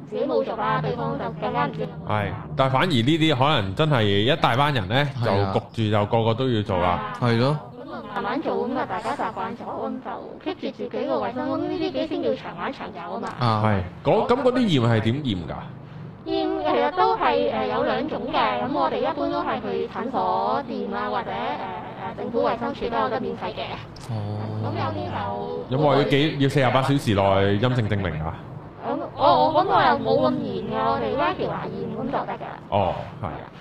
自己冇做啦。對方就更加唔知。係，但係反而呢啲可能真係一大班人咧，就焗住就個個都要做啦。係咯，咁就慢慢做咁啊，大家習慣咗咁就 keep 住自己個衞生，咁呢啲先叫長玩長有啊嘛。啊，係。嗰咁嗰啲驗係點驗㗎？驗其實都係誒有兩種嘅，咁我哋一般都係去診所驗啦，或者誒。政府衛生署都有得免費嘅，咁、哦嗯、有啲就有冇話要幾要四十八小時內陰性證明啊？咁我我嗰個又冇咁嚴嘅，我哋拉條牙驗咁就得㗎啦。哦，係啊。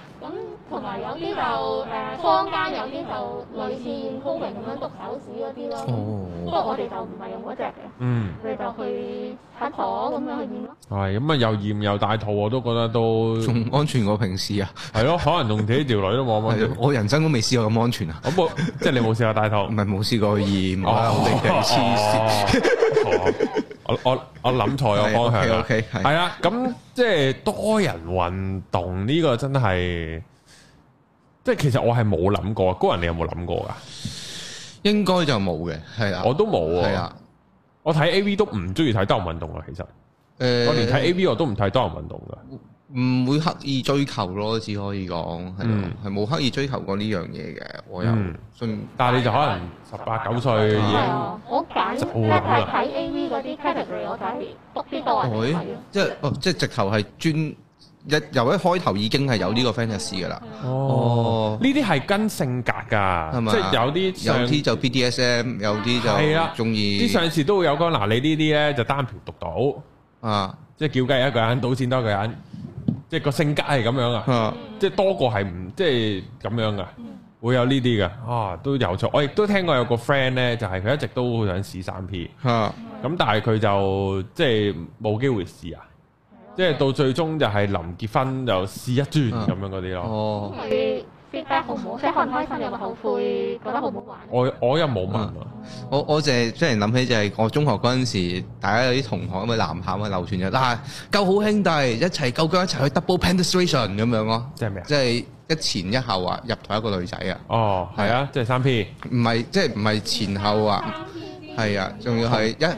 同埋有啲就誒坊間有啲就類似高明咁樣篤手指嗰啲咯，不過我哋就唔係用嗰隻嘅，嗯，我哋就去拍拖咁樣去驗咯。係咁啊，又驗又戴套，我都覺得都仲安全過平時啊。係咯，可能同自己條女都冇乜，我人生都未試過咁安全啊。咁冇，即係你冇試過戴套，唔係冇試過去驗，我我我諗錯個方向。係啊，咁即係多人運動呢個真係。即係其實我係冇諗過，高人你有冇諗過噶？應該就冇嘅，係啊，我都冇啊，的我睇 A V 都唔中意睇多人運動啊，其實，誒、欸，我連睇 A V 我都唔睇多人運動噶，唔會刻意追求咯，只可以講係係冇刻意追求過呢樣嘢嘅，我又，信，嗯、但係你就可能十八九歲嘢，我揀咧係睇 A V 嗰啲 category，我睇多啲多人運動，即係哦，即係直頭係專。一由一開頭已經係有呢個 fantasy 嘅啦。哦，呢啲係跟性格㗎，吧即係有啲有啲就 BDSM，有啲就係啦，中意啲上次都會有個嗱，你呢啲咧就單條獨到啊，即係叫雞一個人，賭錢多一個人，即係個性格係咁樣啊，即係多個係唔即係咁樣噶，會有呢啲噶啊，都有錯。我亦都聽過有個 friend 咧，就係、是、佢一直都好想試三 P，嚇、啊，咁的但係佢就即係冇機會試啊。即係到最終就係臨結婚又試一轉咁樣嗰啲咯。哦，啲 feedback 好唔好？即開心，有冇後悔？覺得好唔好玩？我、啊、我又冇問我，我就係雖然諗起就係我中學嗰陣時，大家有啲同學咁嘅男校咁啊，流傳咗但係，夠好兄弟一齊夠腳一齊去 double penetration 咁樣咯。即係咩啊？即係一前一後啊，入同一個女仔啊。哦，係啊，即係三 P。唔係即係唔係前後啊？係啊，仲要係一。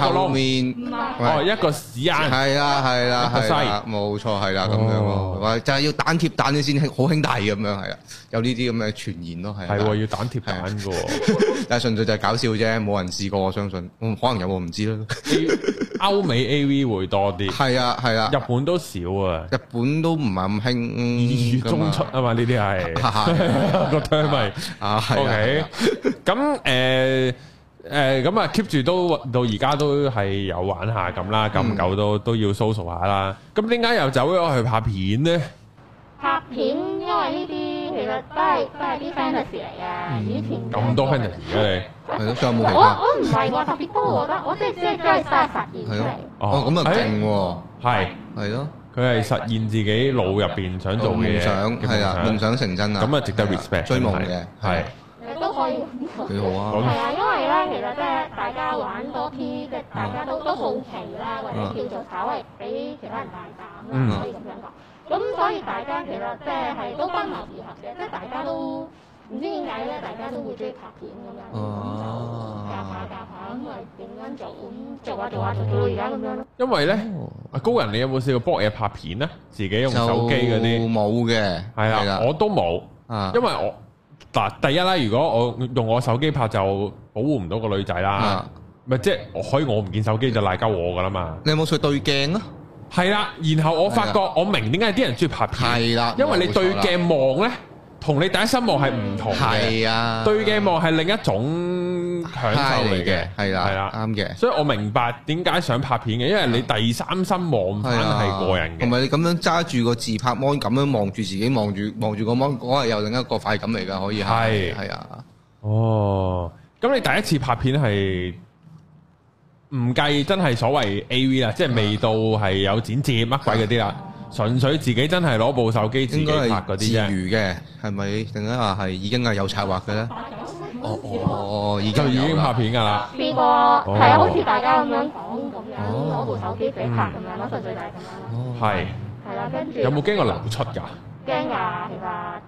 後面哦一個屎眼，係啦係啦係冇錯係啦咁樣，咯就係要蛋貼蛋先好兄弟咁樣係啦，有呢啲咁嘅傳言咯係。係喎要蛋貼蛋噶，但係純粹就係搞笑啫，冇人試過我相信，可能有我唔知啦。歐美 AV 會多啲，係啊係啊，日本都少啊，日本都唔係咁興，意中出啊嘛呢啲係個 term 係啊 OK 咁誒。誒，咁啊 keep 住都到而家都係有玩下咁啦，咁久都都要 search 下啦。咁點解又走咗去拍片呢？拍片，因為呢啲其實都係都係啲 fantasy 嚟㗎，咁多 fantasy 啊，你係咯，真係冇。我我唔係喎，特別多。我覺得，我即係只係都係真係實現。係咯。哦，咁啊勁喎，係係咯，佢係實現自己腦入邊想做嘅嘢，想係啊，夢想成真啊。咁啊值得 respect。追夢嘅係。都可以，幾好啊！係 啊，因為咧，其實即係大家玩多啲，即、就、係、是、大家都、嗯、都好奇啦，或者叫做炒嚟俾其他人大膽啦，可、嗯啊、以咁樣講。咁所以大家其實即係係都形單而合嘅，即、就、係、是、大家都唔知點解咧，大家都會中意拍片咁樣，就夾下夾下咁啊，點樣做？咁做下做下做到而家咁樣咯。嗯、因為咧，阿高人，你有冇試過幫人拍片咧？自己用手機嗰啲冇嘅，係啊，我都冇啊，因為我。嗱，第一啦，如果我用我手機拍就保護唔到個女仔啦，咪、啊、即係可以我唔見手機就賴鳩我㗎啦嘛。你有冇試對鏡啊？係啦，然後我發覺了我明點解啲人鍾意拍片。係啦了，因為你對鏡望咧，同了你第一身望係唔同。係啊了，對鏡望係另一種。享受嚟嘅，係啦，係啦，啱嘅。所以我明白點解想拍片嘅，因為你第三身望返係個人嘅，同埋你咁樣揸住個自拍芒咁樣望住自己，望住望住個芒，嗰係有另一個快感嚟噶，可以係係啊，的哦。咁你第一次拍片係唔計真係所謂 A V 啦，即係的未到係有剪接乜鬼嗰啲啦。純粹自己真係攞部手機自己拍嗰啲，應該係自娛嘅，係咪定係話係已經係有策劃嘅咧？哦哦哦，已經有拍片㗎啦。試過係啊，好似大家咁樣講，咁樣攞部手機自拍咁樣攞出最大咁樣咯。係係啦，跟住有冇驚過流出㗎？驚㗎，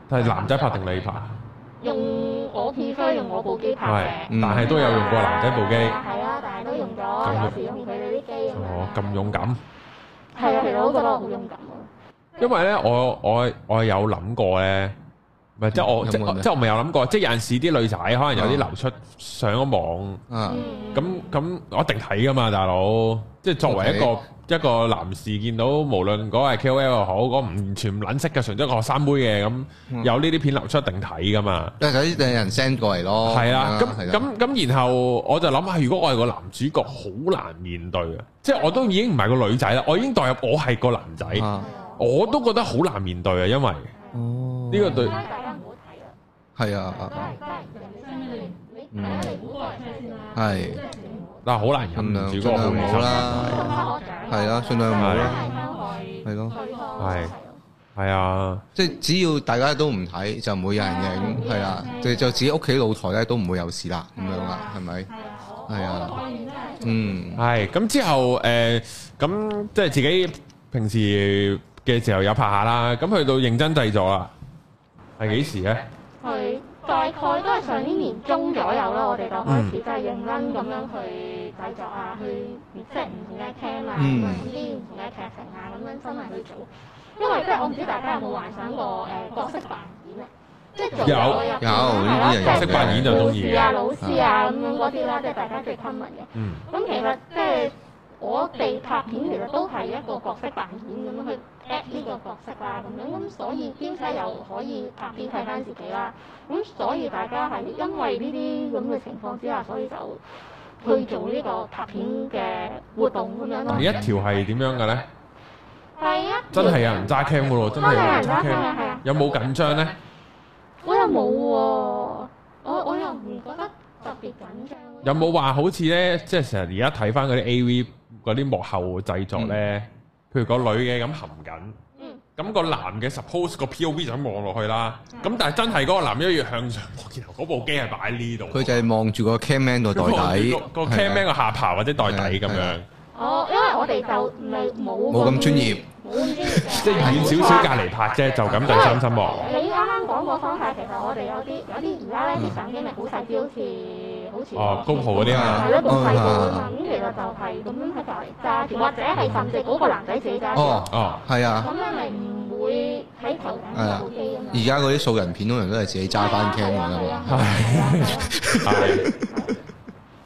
其實。係男仔拍定你拍？用我片飛，用我部機拍嘅。但係都有用過男仔部機。係啊，係咯，但係都用咗有時用佢哋啲機。哦，咁勇敢。係啊係啊，啊我覺得我好勇敢。因為咧，我我我有諗過咧，唔係、嗯、即係我、嗯、即係我未有諗過，即係有陣時啲女仔可能有啲流出上咗網，咁咁、哦嗯、我一定睇噶嘛，大佬，即係作為一個。Okay. 一個男士見到無論嗰係 KOL 又好，嗰完全唔撚識嘅，純一個學生妹嘅，咁有呢啲片流出定睇噶嘛？即係有啲人 send 過嚟咯。係啊，咁咁咁，然後我就諗下，如果我係個男主角，好難面對啊，即係我都已經唔係個女仔啦，我已經代入我係個男仔，我都覺得好難面對啊，因為呢個對係啊，係。但係好難影，質量唔好啦，係啦，儘量係咯，係咯，係，係啊，即係只要大家都唔睇，就唔會有人影，係啦，就就自己屋企露台咧都唔會有事啦，咁樣啦，係咪？係啊，嗯，係。咁之後誒，咁即係自己平時嘅時候有拍下啦，咁去到認真製作啦，係幾時咧？係。大概都係上年年中左右啦，我哋就開始即係用 r u 咁樣去製作啊，去演飾唔同嘅聽啊，唔、嗯、同啲唔同嘅劇情啊，咁樣分埋去做。因為即係我唔知大家有冇幻想過誒、呃、角色扮演，即係有，是有，係啦，即係故事啊、老師啊咁樣嗰啲啦，即係大家最親民嘅。咁其實即係我哋拍片其實都係一個角色扮演咁去呢個角色啦咁樣，咁所以嬌妻又可以拍片睇翻自己啦。咁所以大家係因為呢啲咁嘅情況之下，所以就去做呢個拍片嘅活動咁樣咯。一條係點樣嘅咧？第一、啊、真係有人揸鏡喎，真係有人揸鏡啊！有冇緊張咧、啊？我又冇喎，我我又唔覺得特別緊張。有冇話好似咧，即係成日而家睇翻嗰啲 AV 嗰啲幕後製作咧？嗯譬如個女嘅咁含緊，咁個男嘅 suppose 個 POV 就咁望落去啦。咁但係真係嗰個男一要向上，然後嗰部機係擺喺呢度。佢就係望住個 cameraman 嗰袋底，個 cameraman 個下巴或者袋底咁樣。哦，因為我哋就未冇冇咁專業，即係遠少少隔離拍啫，就咁對心心望。你啱啱講個方法，其實我哋有啲有啲而家咧啲相啲咪好細標貼。哦，高豪嗰啲啊，係咯，公衞部，咁其實就係咁樣喺度揸住，或者係甚至嗰個男仔自己揸住。哦哦，係啊。咁咧咪唔會喺頭頂啊？而家嗰啲素人片通常都係自己揸翻 camera 㗎嘛。係係。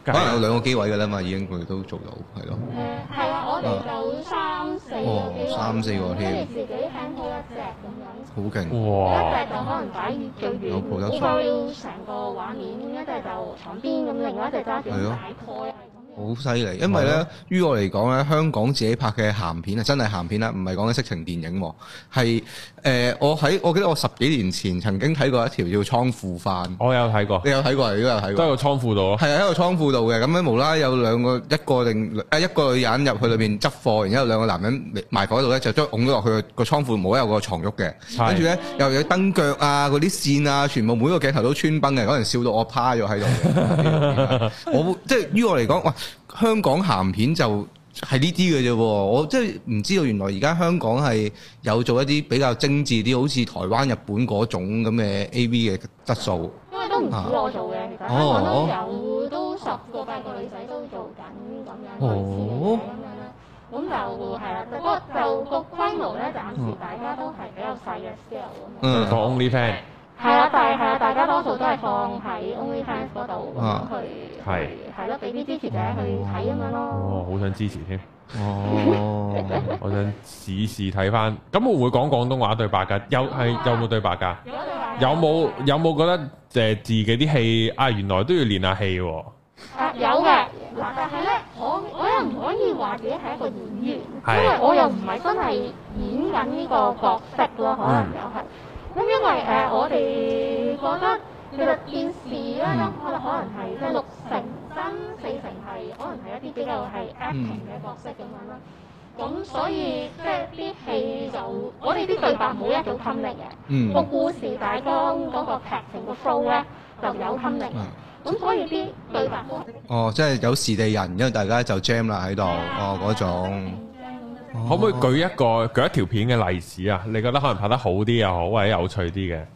可能有兩個機位嘅啦嘛，已經佢哋都做到，係咯。誒，係啊，我哋有三四個三四個添。自己揀好一隻咁、哦、樣。好勁！哇！一隻就可能擺最遠，over 成個畫面；一隻就床邊咁，另外一隻揸住個底蓋。好犀利，因為咧，的於我嚟講咧，香港自己拍嘅鹹片啊，真係鹹片啦，唔係講緊色情電影。係誒、呃，我喺我記得我十幾年前曾經睇過一條叫倉庫飯。我有睇過,過，你有睇過嚟？都有睇過，喺個倉庫度咯。係啊，喺個倉庫度嘅，咁樣無啦有兩個一個定啊一,一個女人入去裏邊執貨，然之後兩個男人埋喺度咧，就都㧬咗落去個倉庫，冇一個床褥嘅。跟住咧又有燈腳啊，嗰啲線啊，全部每個鏡頭都穿崩嘅。嗰陣笑到我趴咗喺度， 我即係於我嚟講，喂！香港鹹片就係呢啲嘅啫，我即係唔知道原來而家香港係有做一啲比較精緻啲，好似台灣、日本嗰種咁嘅 AV 嘅質素。因為都唔止我做嘅，其實香港都有，都十個八個女仔都做緊咁樣類似嘅嘢咁樣啦。咁就係啦，不過就個規模咧，暫時大家都係比較細嘅 scale。嗯，講呢份。係啊，但係係啦，大家多數都係放喺 OnlyFans 嗰度去係係咯，俾啲的支持者去睇咁樣咯。哦，好想支持添， 哦，我想試試睇翻。咁我會講廣東話對白㗎，有係、嗯、有冇對白㗎？有對白。有冇有冇覺得誒自己啲戲啊？原來都要練下戲喎、啊。有嘅嗱，但係咧，可我又唔可以話自己係一個演員？的因為我又唔係真係演緊呢個角色咯，可能又係、嗯。咁、嗯、因為誒、呃，我哋覺得其實電視咧、嗯，可能可能係即係六成三四成係可能係一啲比較係 acting 嘅角色咁樣啦。咁、嗯嗯嗯、所以即係啲戲就我哋啲對白冇一組吞力嘅，個故事大綱嗰個劇情個 flow 咧就有吞力嘅。咁所以啲對白冇哦，即係有時地人，因為大家就 jam 啦喺度，嗯、哦嗰種。可唔可以舉一個,、哦、舉,一個舉一條片嘅例子啊？你覺得可能拍得好啲又好，或者有趣啲嘅？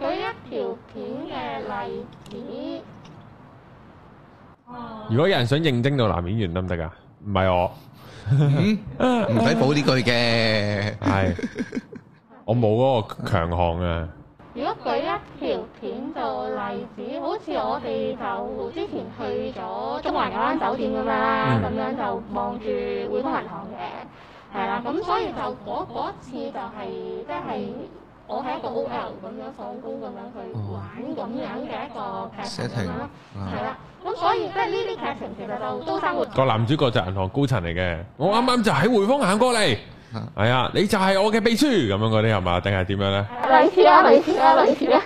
舉一條片嘅例子。哦、如果有人想應徵到男演員得唔得㗎？唔係我，唔 使、嗯、 補呢句嘅。係， 我冇嗰個強項啊。如果舉一條片做例子，好似我哋就之前去咗中環嗰間酒店咁樣啦，咁、嗯、樣就望住匯豐銀行嘅，係啦，咁所以就嗰次就係、是、即係我係一個 OL 咁樣放工，咁樣去玩咁樣嘅一個劇情，係啦，咁所以即係呢啲劇情其實就都生活。個男主角就銀行高層嚟嘅，我啱啱就喺匯豐行過嚟。係啊，你就係我嘅秘書咁樣嗰啲係嘛？定係點樣咧？類似啊，類似啊，類似啊。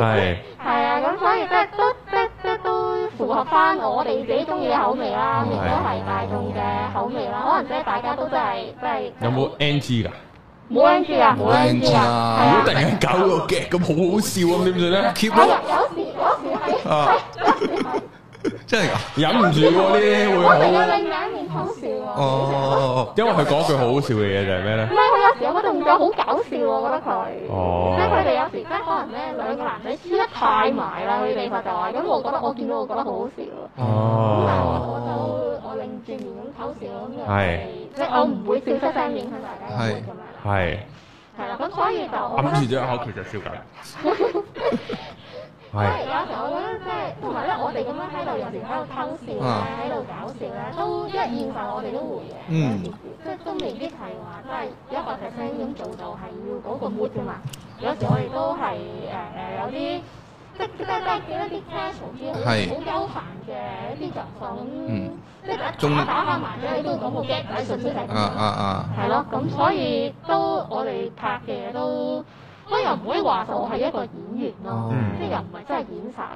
係。係啊，咁所以都都都都都符合翻我哋自己中意嘅口味啦，亦都係大眾嘅口味啦。可能即係大家都真係，即係。有冇 N G 噶？冇 N G 啊，冇 N G 啊。如果突然搞個 gag，咁好好笑啊？點算咧？keep 咯。有事，有事係。真係忍唔住喎，呢啲會好啊！我仲有另一面好笑啊！哦，因為佢講句好好笑嘅嘢就係咩咧？唔係佢有時有個動作好搞笑喎，覺得佢即係佢哋有時即係可能咧兩個男仔黐得太埋啦，嗰啲方法就係咁，我覺得我見到我覺得好好笑啊！哦，我都我擰轉面咁偷笑咁樣，即係我唔會笑出聲影響大家咁樣，係係啦，咁所以就我諗住點解好其實笑緊？即係有時候，我覺得即係，同埋咧，我哋咁樣喺度，有時喺度偷笑咧，喺度搞笑咧，都因為現實我哋都會嘅，即係都未必係話即係一百 percent 咁做到係要嗰個 mood 嘅嘛。有時我哋都係誒誒有啲即即即幾多啲 casual 好好憂煩嘅一啲狀況，即係打打打下麻雀都講到雞，純粹係咁。啊啊啊！係咯，咁所以都我哋拍嘅嘢都。我又唔可以話我係一個演員咯，即係又唔係真係演晒，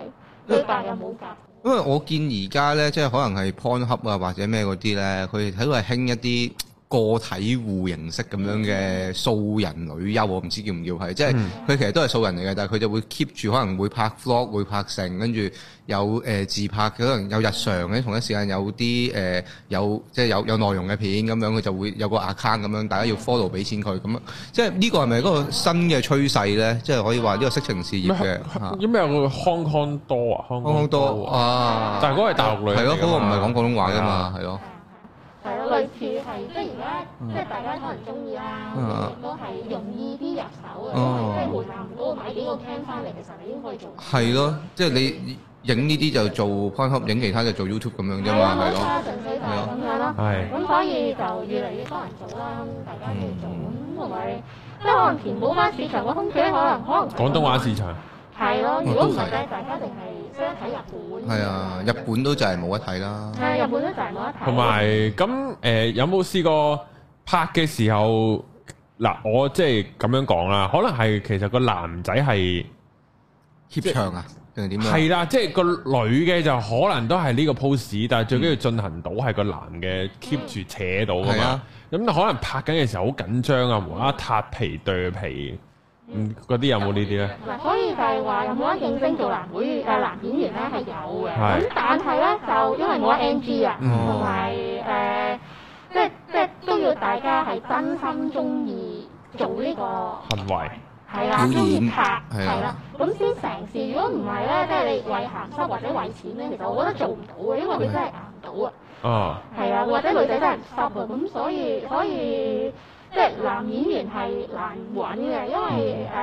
對白又冇夾。因為我見而家咧，即係可能係 Pornhub 啊，或者咩嗰啲咧，佢都係興一啲。個體戶形式咁樣嘅素人女優，我唔知叫唔叫係，即係佢其實都係素人嚟嘅，但係佢就會 keep 住可能會拍 vlog、會拍成，跟住有誒自拍，可能有日常嘅同一時間有啲誒有即係有有內容嘅片咁樣，佢就會有個 account 咁樣，大家要 follow 俾錢佢咁樣，即係呢個係咪嗰個新嘅趨勢咧？即係可以話呢個色情事業嘅嚇。有咩個 Hong Kong 多啊？Hong Kong 多啊？但係嗰個係大陸嚟嘅，係咯、啊，嗰個唔係講廣東話㗎嘛，係咯、啊，係咯、啊，類似係係。 即係大家可能中意啦，都係容易啲入手嘅，即係門檻唔高，買幾個 cam 翻嚟其實你已經可以做。係咯，即係你影呢啲就做 Pornhub，影其他就做 YouTube 咁樣啫嘛，係咯，純粹咁樣咯，咁所以就越嚟越多人做啦，大家嚟做，咁同埋即係可能填補翻市場嘅空缺，可能可能廣東話市場係咯，如果唔係大家定係識得睇日本？係啊，日本都就係冇得睇啦。係啊，日本都就係冇得睇。同埋咁誒，有冇試過？拍嘅時候嗱，我即係咁樣講啦，可能係其實個男仔係怯場啊，定係點樣啊？係啦，即係個女嘅就可能都係呢個 pose，但係最緊要進行到係個男嘅 keep 住扯到噶嘛。咁、嗯嗯、可能拍緊嘅時候好緊張啊，無啦啦撻皮對皮，嗰、嗯、啲有冇呢啲咧？所以就係話有冇啲應徵做男配、做男演員咧？係有嘅。咁的但係咧就因為冇 N G 啊，同埋誒。呃即係即係都要大家係真心中意做呢個行為，係啦，中意拍係啦，咁先成事。如果唔係咧，即係你為鹹濕或者為錢咧，其實我覺得做唔到嘅，因為佢真係硬唔到啊。哦演，係啊，或者女仔真係唔濕啊，咁所以所以即係男演員係難揾嘅，因為誒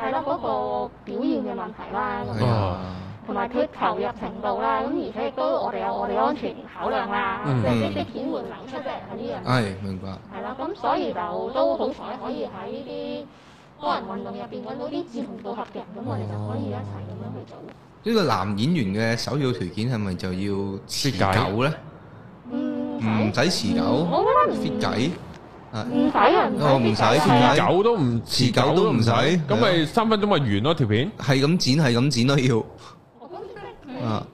係囉，嗰個表現嘅問題啦。哦、哎。同埋佢投入程度啦，咁而且亦都我哋有我哋安全考量啦，即係呢啲片會流出啫，係呢樣。係，明白。係啦，咁所以就都好彩可以喺呢啲多人運動入邊揾到啲志同道合嘅人，咁我哋就可以一齊咁樣去做。呢個男演員嘅首要條件係咪就要持久咧？唔唔使持久，fit 仔啊！唔使啊！我唔使 fit 仔，持久都唔持久都唔使。咁咪三分鐘咪完咯？條片係咁剪，係咁剪咯，要。啊！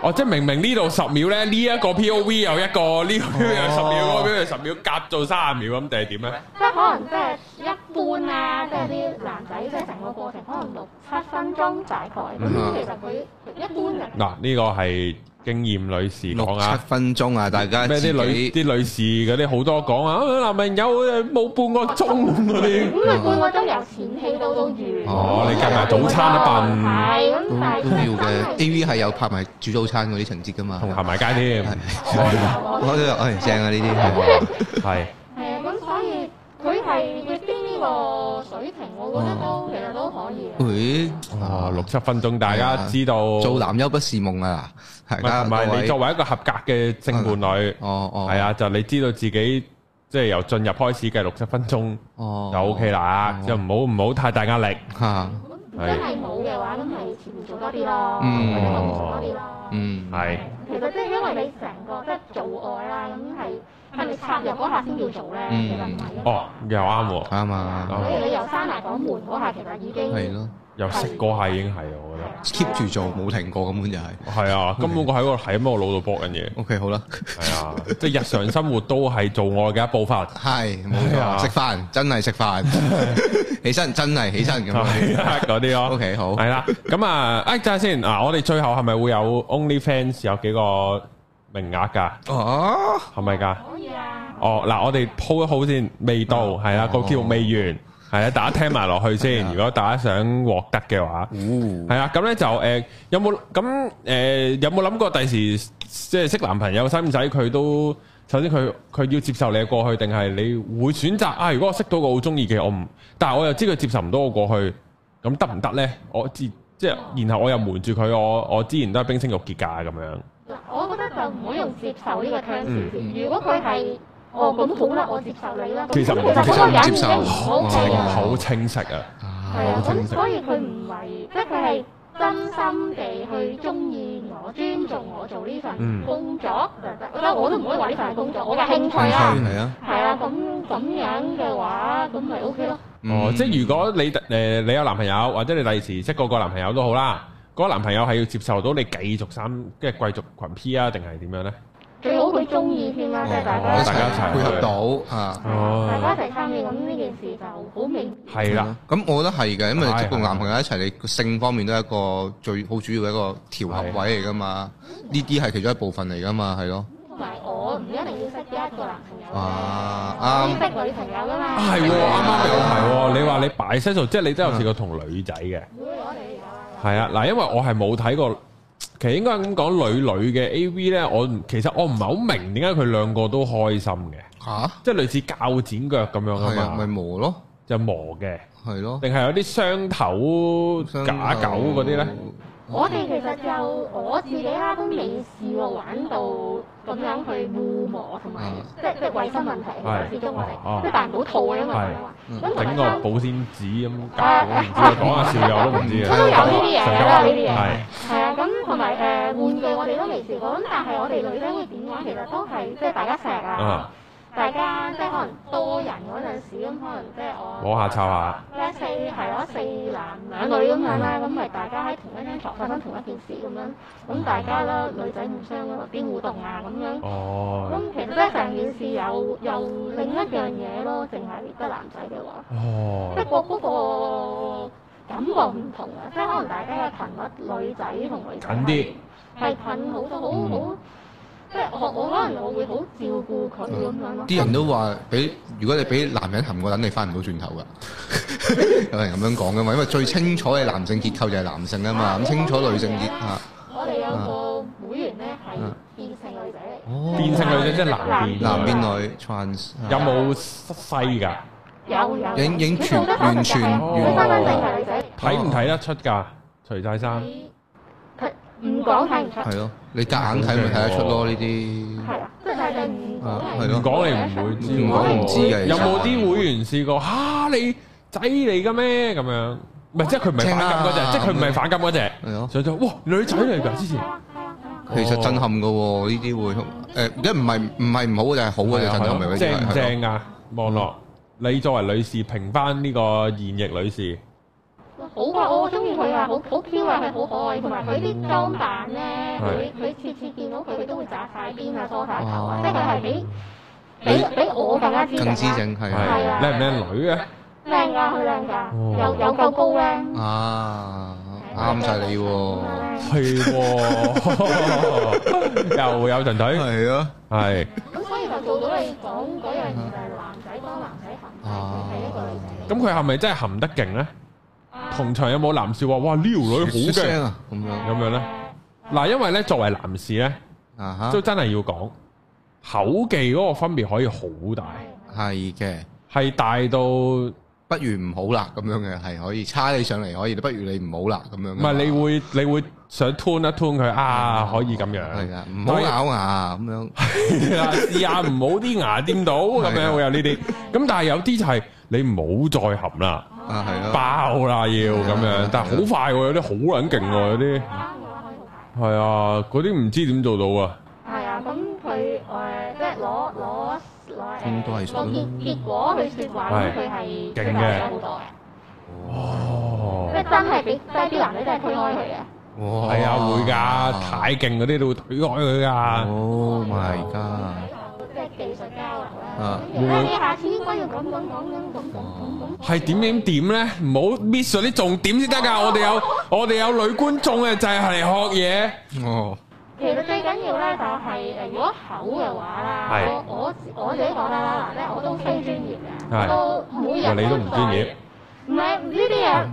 哦，即係明明呢度十秒咧，呢、這個、一個 P O V 又一個呢，個又十秒，嗰個又十秒，夾做卅秒咁定係點咧？即係可能即係一般啊，即係啲男仔即係成個過程可能六七分鐘大概咁，嗯、就其實佢一般嘅、啊。嗱，呢、這個係。經驗女士六七分鐘啊，大家咩？啲女啲女士嗰啲好多講啊，男朋友冇半個鐘嗰啲，咁啊半個鐘由前戲到到完。哦，你計埋早餐啊，一份係咁，但係都要嘅。AV 係有拍埋煮早餐嗰啲情節噶嘛，同行埋街啲嘢，哎正啊呢啲係係。係啊，咁所以佢係。個水平我覺得都其實都可以。誒，啊六七分鐘大家知道，做男優不是夢啊，係啊，唔係你作為一個合格嘅性伴侶，哦哦，係啊，就你知道自己即係由進入開始計六七分鐘，哦就 OK 啦，就唔好唔好太大壓力嚇。如果真係冇嘅話，咁係前面做多啲咯，嗯，做多啲咯，嗯係。其實即係因為你成個即係做愛啦，咁係。咁你插入嗰下先要做咧，哦，又啱喎，啱啊！你由閂埋房門嗰下，其實已經係咯，又識嗰下已經係，我覺得 keep 住做冇停過咁本就係。係啊，根本我喺個喺咁，我腦度搏緊嘢。OK，好啦，係啊，即係日常生活都係做我嘅一部分。係冇錯，食飯真係食飯，起身真係起身咁嗰啲，嗰啲咯。OK，好，係啦。咁啊，誒，家先啊，我哋最後係咪會有 Only Fans 有幾個？名額噶哦，係咪噶？可以啊。哦，嗱、oh,，我哋鋪好先，未到係啦，啊啊、個節目未完係啦、啊，大家聽埋落去先。如果大家想獲得嘅話，嗯、哦，係啊。咁咧就誒、呃，有冇咁誒？有冇諗過第時即係識男朋友，使唔使佢都？首先佢佢要接受你嘅過去，定係你會選擇啊？如果我識到個好中意嘅，我唔，但係我又知佢接受唔到我過去，咁得唔得咧？我知即係，然後我又瞞住佢，我我之前都係冰清玉潔噶咁樣。.唔好用接受呢個 terms。如果佢係，哦，咁好啦，我接受你啦。其實其實接受，好清晰啊。係啊，咁所以佢唔係，即係佢係真心地去中意我，尊重我做呢份工作。我覺得我都唔可以話呢份工作，我嘅興趣啊。係啊，係啊，咁咁樣嘅話，咁咪 OK 咯。哦，即係如果你誒你有男朋友，或者你第時識個個男朋友都好啦。嗰個男朋友係要接受到你繼續三即係貴族群 P 啊，定係點樣咧？最好佢中意添啦，即係大家大家一齊配合到，嚇，大家一齊參與，咁呢件事就好明。係啦，咁我覺得係嘅，因為同男朋友一齊，你性方面都係一個最好主要嘅一個調合位嚟㗎嘛。呢啲係其中一部分嚟㗎嘛，係咯。同埋我唔一定要識一個男朋友，可以識女朋友㗎嘛。係喎，啱啱有提喎，你話你擺 set 即係你都有試過同女仔嘅。係啊，嗱，因為我係冇睇過，其實應該咁講女女嘅 A V 呢，我其實我唔係好明點解佢兩個都開心嘅，吓、啊，即係類似鉸剪腳咁樣啊嘛，係咪磨咯，就磨嘅，係咯，定係有啲雙頭假狗嗰啲呢？我哋其實就我自己啦，都未試過玩到咁樣去互磨同埋，即即衞生問題，始終係即彈唔到套啊，因為整個保鮮紙咁搞，唔知啊，講下少有都唔知啊。都有呢啲嘢啦，呢啲嘢。係啊，咁同埋誒玩具我哋都未試過。咁但係我哋女仔嘅點玩，其實都係即大家成日啊。大家即係可能多人嗰陣時，咁可能即係我摸下摷下咧四係攞四男兩女咁樣啦，咁咪、嗯、大家喺同一張牀發生同一件事咁樣，咁大家咧、嗯、女仔互相啲互動啊咁樣，咁、哦、其實咧成件事有有另一樣嘢咯，淨係得男仔嘅話，不過嗰個感覺唔同啊，即係可能大家嘅羣物女仔同女仔，近啲，係近好多好好？嗯即係我我可能我會好照顧佢咁樣咯。啲人都話俾，如果你俾男人含，我檸，你翻唔到轉頭㗎。有人咁樣講㗎嘛？因為最清楚嘅男性結構就係男性啊嘛。咁清楚女性結啊。我哋有個會員咧係變性女仔。哦，變性女仔即係男變男變女 trans，有冇西㗎？有有。影影全完全完全。睇唔睇得出㗎？除曬衫。唔講睇唔出。係咯，你夾硬睇會睇得出咯呢啲。係啦，即係就係唔唔講你唔會，唔講唔知嘅。有冇啲會員試過嚇你仔嚟㗎咩咁樣？唔係即係佢唔係反感嗰隻，即係佢唔係反感嗰隻。係咯。所以就哇女仔嚟㗎之前，其實震撼㗎喎呢啲會誒一唔係唔係唔好嘅就係好嘅就震撼，係咪先係咯？正唔正啊？望落，你作為女士評翻呢個現役女士。好啊！我中意佢啊！好好 Q 啊，佢好可愛，同埋佢啲裝扮咧，佢佢次次見到佢都會炸曬邊啊，錯曬頭啊！即係佢係比比比我更加知更知性，係係啊，靚唔靚女啊？靚啊，佢靚噶，又又夠高咧啊！啱曬你喎，係喎，又有神睇係啊，係咁，所以就做到你講嗰樣，就係男仔幫男仔行，係一個女仔咁。佢係咪真係行得勁咧？同場有冇男士話：哇呢條女好勁啊！咁樣咁樣咧，嗱，因為咧作為男士咧，都真係要講口技嗰個分別可以好大，係嘅，係大到不如唔好啦咁樣嘅，係可以差你上嚟可以，不如你唔好啦咁樣。唔係你會你會想吞一吞佢啊，可以咁樣，係啊，唔好咬牙咁樣，試下唔好啲牙掂到咁樣，會有呢啲。咁但係有啲就係你唔好再含啦。啊，係咯，爆啦要咁樣，但係好快喎，有啲好撚勁喎，有啲係啊，嗰啲唔知點做到啊。係啊，咁佢誒即係攞攞攞攞結結果去説話，咁佢係勁嘅。哦，即係真係俾即係啲男仔真係推開佢嘅。哦，係啊，會㗎，太勁嗰啲都會推開佢㗎。Oh my god！即係技術交流啦，咁你下次應該要咁講講講講講。係點點點咧？唔好 miss 咗啲重點先得噶我哋有我哋有女觀眾嘅，就係嚟學嘢。哦。其實最緊要咧就係誒，如果口嘅話啦，我我我自己覺得啦，嗱咧，我都非專業嘅，都每日都唔係呢啲嘢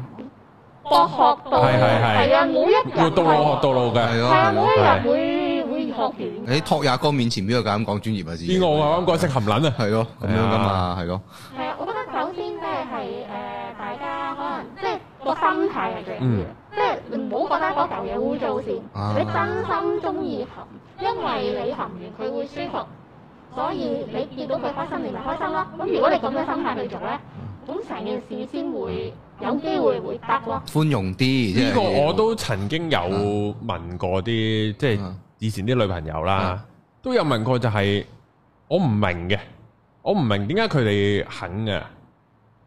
博學道係係係係啊，每一日到老學到老嘅係咯，係啊，每一日會會學嘢。你托亞哥面前邊個咁講專業啊？邊個我啱啱講識含撚啊？係咯，咁樣噶嘛，係咯。係啊，我覺得。個心態嚟嘅，嗯、即係唔好覺得嗰嚿嘢污糟事。啊、你真心中意含，因為你含完佢會舒服，所以你見到佢開、開心，你咪開心咯。咁如果你咁嘅心態去做咧，咁成件事先會有機會會得咯。寬容啲，呢個我都曾經有問過啲，即係、嗯、以前啲女朋友啦，嗯、都有問過，就係我唔明嘅，我唔明點解佢哋肯嘅。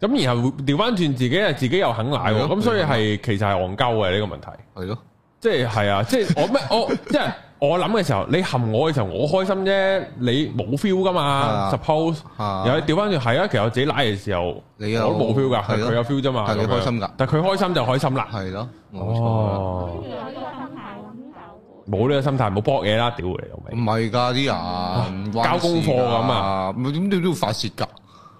咁然後調翻轉，自己係自己又肯奶，咁所以係其實係戇鳩嘅呢個問題。係咯，即係係啊，即係我咩？我即係我諗嘅時候，你含我嘅時候，我開心啫。你冇 feel 噶嘛？Suppose，又係調翻轉，係啊，其實我自己奶嘅時候，你我都冇 feel 噶，係佢有 feel 啫嘛，係好開心噶。但佢開心就開心啦。係咯，冇錯。冇呢個心態，冇卜嘢啦，屌你老味！唔係噶啲人交功課咁啊，點都要發泄噶。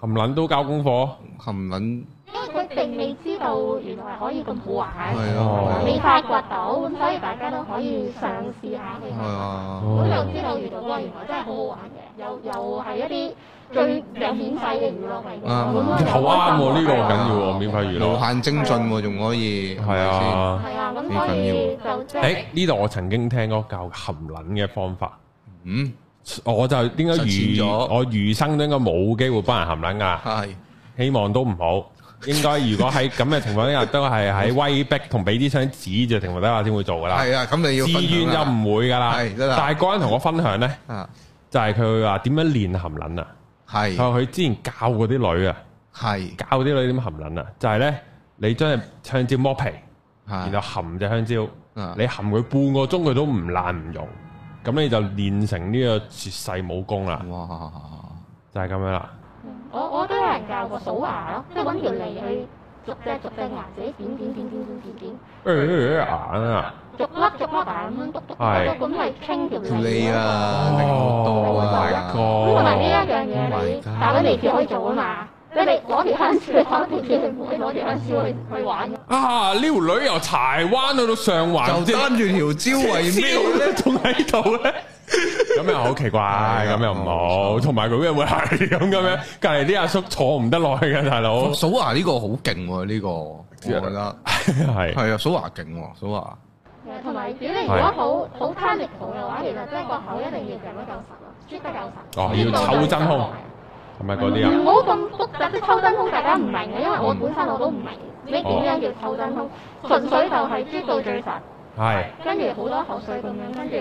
含撚都教功課，含撚，因為佢並未知道，原來可以咁好玩，未發掘到，所以大家都可以嘗試下佢。咁又知道，娛樂波原來真係好好玩嘅，又又係一啲最有免費嘅娛樂嚟嘅。好啱喎，呢個緊要免費娛樂，無限精進，仲可以係啊，係啊，咁可以就即誒，呢度我曾經聽過教含撚嘅方法，嗯。我就應該餘我餘生都應該冇機會幫人含撚噶，是希望都唔好。應該如果喺咁嘅情況之下，都係喺威逼同俾啲槍指住嘅情況底下先會做噶啦。係啊，咁你要自願就唔會噶啦。但係嗰人同我分享呢，就係佢會話點樣練含撚啊？係的。佢話佢之前教嗰啲女啊，係的教嗰啲女點含撚啊？就係、是、呢：「你將隻香蕉剝皮，然後含隻香蕉，的你含佢半個鐘佢都唔爛唔溶。咁你就練成呢個絕世武功啦！哇，就係咁樣啦，啊。我我都有人教過數牙咯，即係搵條脷，去隻隻逐隻、嗯、逐隻牙仔點點點點點點點。誒，牙啊！逐粒逐粒牙咁樣篤篤，咁嚟傾條脷啊！好多啊！咁同埋呢一樣嘢，大家脷條可以做啊嘛。你哋攞條香蕉去去玩啊！呢條女由柴灣去到上環，擔住條蕉為咩仲喺度咧？咁又好奇怪，咁又唔好。同埋佢會唔會係咁咁樣？隔離啲阿叔坐唔得耐嘅大佬。蘇華呢個好勁喎，呢個我覺得係係啊，蘇華勁喎，蘇華。同埋如果你如果好好攤力好嘅話，其實真係個口一定要夾得夠實，啜得夠實。哦，要抽真空。係咪啲啊？唔好咁複雜，即抽真空大家唔明嘅，因為我本身我都唔明。你點樣叫抽真空？純粹就係知道，最神，是跟住好多口水咁樣，跟住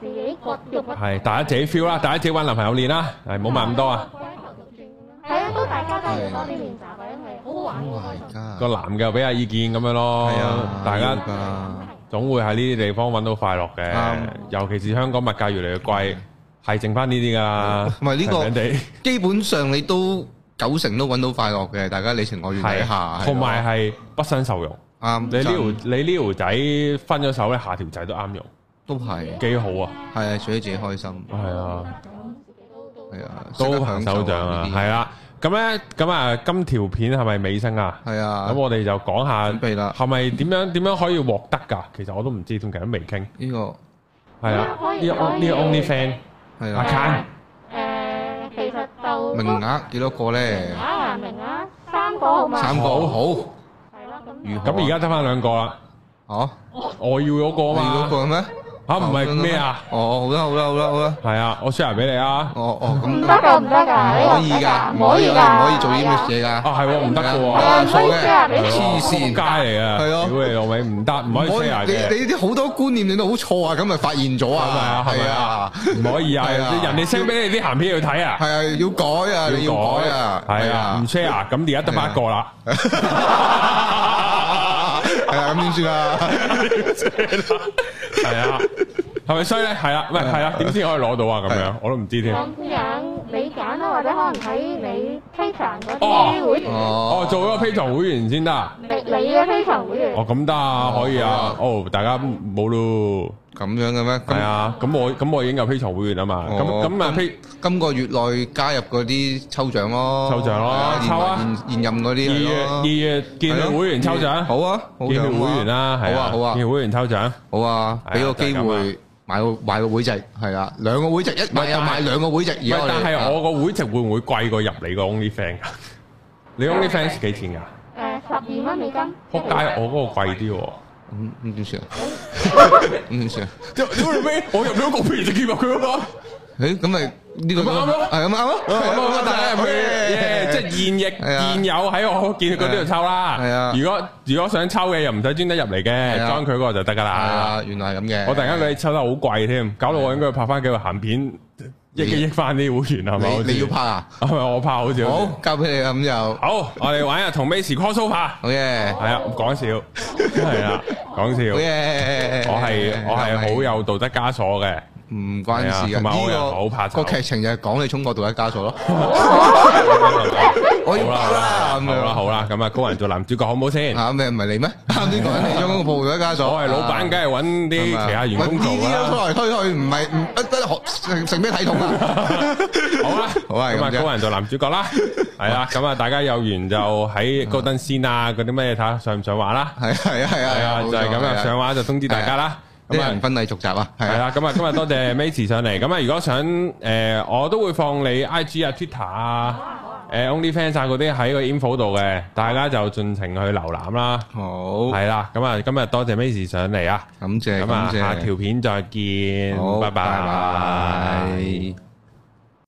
自己覺。係大家自己 feel 啦，大家自己揾男朋友練啦，係冇問咁多啊。係啊，都大家都嚟多啲練習，因為好玩㗎。啊哦、my 個男嘅俾下意見咁樣咯，對大家總會喺呢啲地方揾到快樂嘅，對尤其是香港物價越嚟越貴。係剩翻呢啲噶，唔係呢個基本上你都九成都揾到快樂嘅。大家你情我願睇下，同埋係不生受用。啱，你呢條你呢條仔分咗手咧，下條仔都啱用，都係幾好啊！係啊，主要自己開心。係啊，係啊，都行手掌啊，係啦。咁咧，咁啊，今條片係咪尾聲啊？係啊。咁我哋就講下，係咪點樣點樣可以獲得㗎？其實我都唔知，同其近都未傾呢個。係啊，呢呢 OnlyFans。係啊，誒、啊，啊、其實就名額幾多個咧？啊，名額三個好唔好？三個好好，係咯，咁咁而家得翻兩個啦，啊，我要嗰個啊嘛，你嗰個咩？吓，唔係咩啊？哦，好啦好啦好啦好啦，係啊，我 share 俾你啊。哦哦，咁唔得噶唔得噶，唔可以噶，唔可以噶，唔可以做呢啲嘢噶。哦，係我唔得噶，我 share 俾黐線街嚟啊，係咯，係咪？唔得，唔可以 share，你你啲好多觀念你都好錯啊，咁咪發現咗啊，係咪啊？唔可以啊！人哋 share 俾你啲鹹片去睇啊！係啊，要改啊，要改啊，係啊，唔 share，咁而家得翻一個啦。係啊，咁點算啊？係啊，係咪所以係啊？喂，係啊，點先可以攞到啊？咁樣我都唔知添。咁樣你揀啦，或者可能睇你 Patreon 嗰啲會員。哦，做咗 Patreon 會員先得。你嘅 Patreon 會員。哦，咁得啊，可以啊。哦，大家冇咯。咁樣嘅咩？係啊，咁我咁我已經有 P 彩會員啊嘛。咁咁啊，P 今個月內加入嗰啲抽獎咯，抽獎咯，抽啊！現任嗰啲啊，二月二月見到會員抽獎，好啊，見到會員啦，好啊，好啊，見到會員抽獎，好啊，俾個機會買個買個會籍，係啊，兩個會籍一買就買兩個會籍而家。但係我個會籍會唔會貴過入你個 Only Fan 㗎？你 Only Fan 幾錢啊？誒，十二蚊美金。仆街，我嗰個貴啲喎。唔唔點算啊？唔點算啊？點點嚟咩？我入咗個片就見入佢嗰個。誒，咁咪呢個係咁啱咯？係咁啱咯？我突然入去，即係現役現有喺我見佢啲度抽啦。係啊，如果如果想抽嘅又唔使專登入嚟嘅，裝佢嗰個就得噶啦。原來係咁嘅。我突然間俾你抽得好貴添，搞到我應該要拍翻幾個鹹片。益幾益翻啲會員啊？係咪？你要拍啊？係咪我拍好少？好，交俾你咁就。好，我哋玩下同 Macy Call Show 拍。好嘅。係啊，講笑，係啊，講笑。嘅。我係我係好有道德枷鎖嘅。唔關事嘅，呢個好怕，個劇情就係講你中過度一家嫂咯。好啦，好啦，好啦，好啦，咁啊，高人做男主角好唔好先？啊，咩唔係你咩？啱先講，你衝過度一家嫂。我係老闆，梗係搵啲其他員工做啦。呢啲推來推去，唔係唔得得學成咩體統啊？好啦，好啊，咁啊，高人做男主角啦。係啊，咁啊，大家有緣就喺高登先啊，嗰啲咩睇下上唔上話啦？係係啊係啊，就係咁啊，上話就通知大家啦。咁日婚禮續集啊，係啦，咁啊， 今日多謝 Macy 上嚟，咁啊，如果想誒、呃，我都會放你 IG Twitter，啊、Twitter 啊、誒、呃、OnlyFans 嗰、啊、啲喺個 info 度嘅，大家就盡情去瀏覽啦。好，係啦，咁啊，今日多謝 Macy 上嚟啊，感謝，咁、嗯、感謝，下條片再見，拜拜。